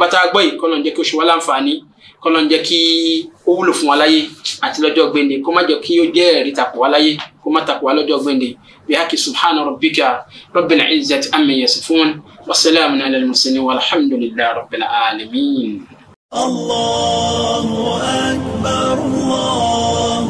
bá tá a gbọ́ yìí kọ́lọ́run jẹ́ kí o ṣe wá láǹfààní kọ́lọ́n jẹ́ kí ó wúlò fún wa láyé àti lọ́jọ́ gbẹ̀ndẹ̀ kó má jẹ́ kí ó jẹ́ ẹ̀rí takò wá láyé kó má takò wá lọ́jọ́ gbẹ̀ndẹ̀ bí haki subhana rabbika rabbil izzati amma yasifun wa salamun ala al-mursalin walhamdulillahi rabbil alamin. Allahu akbar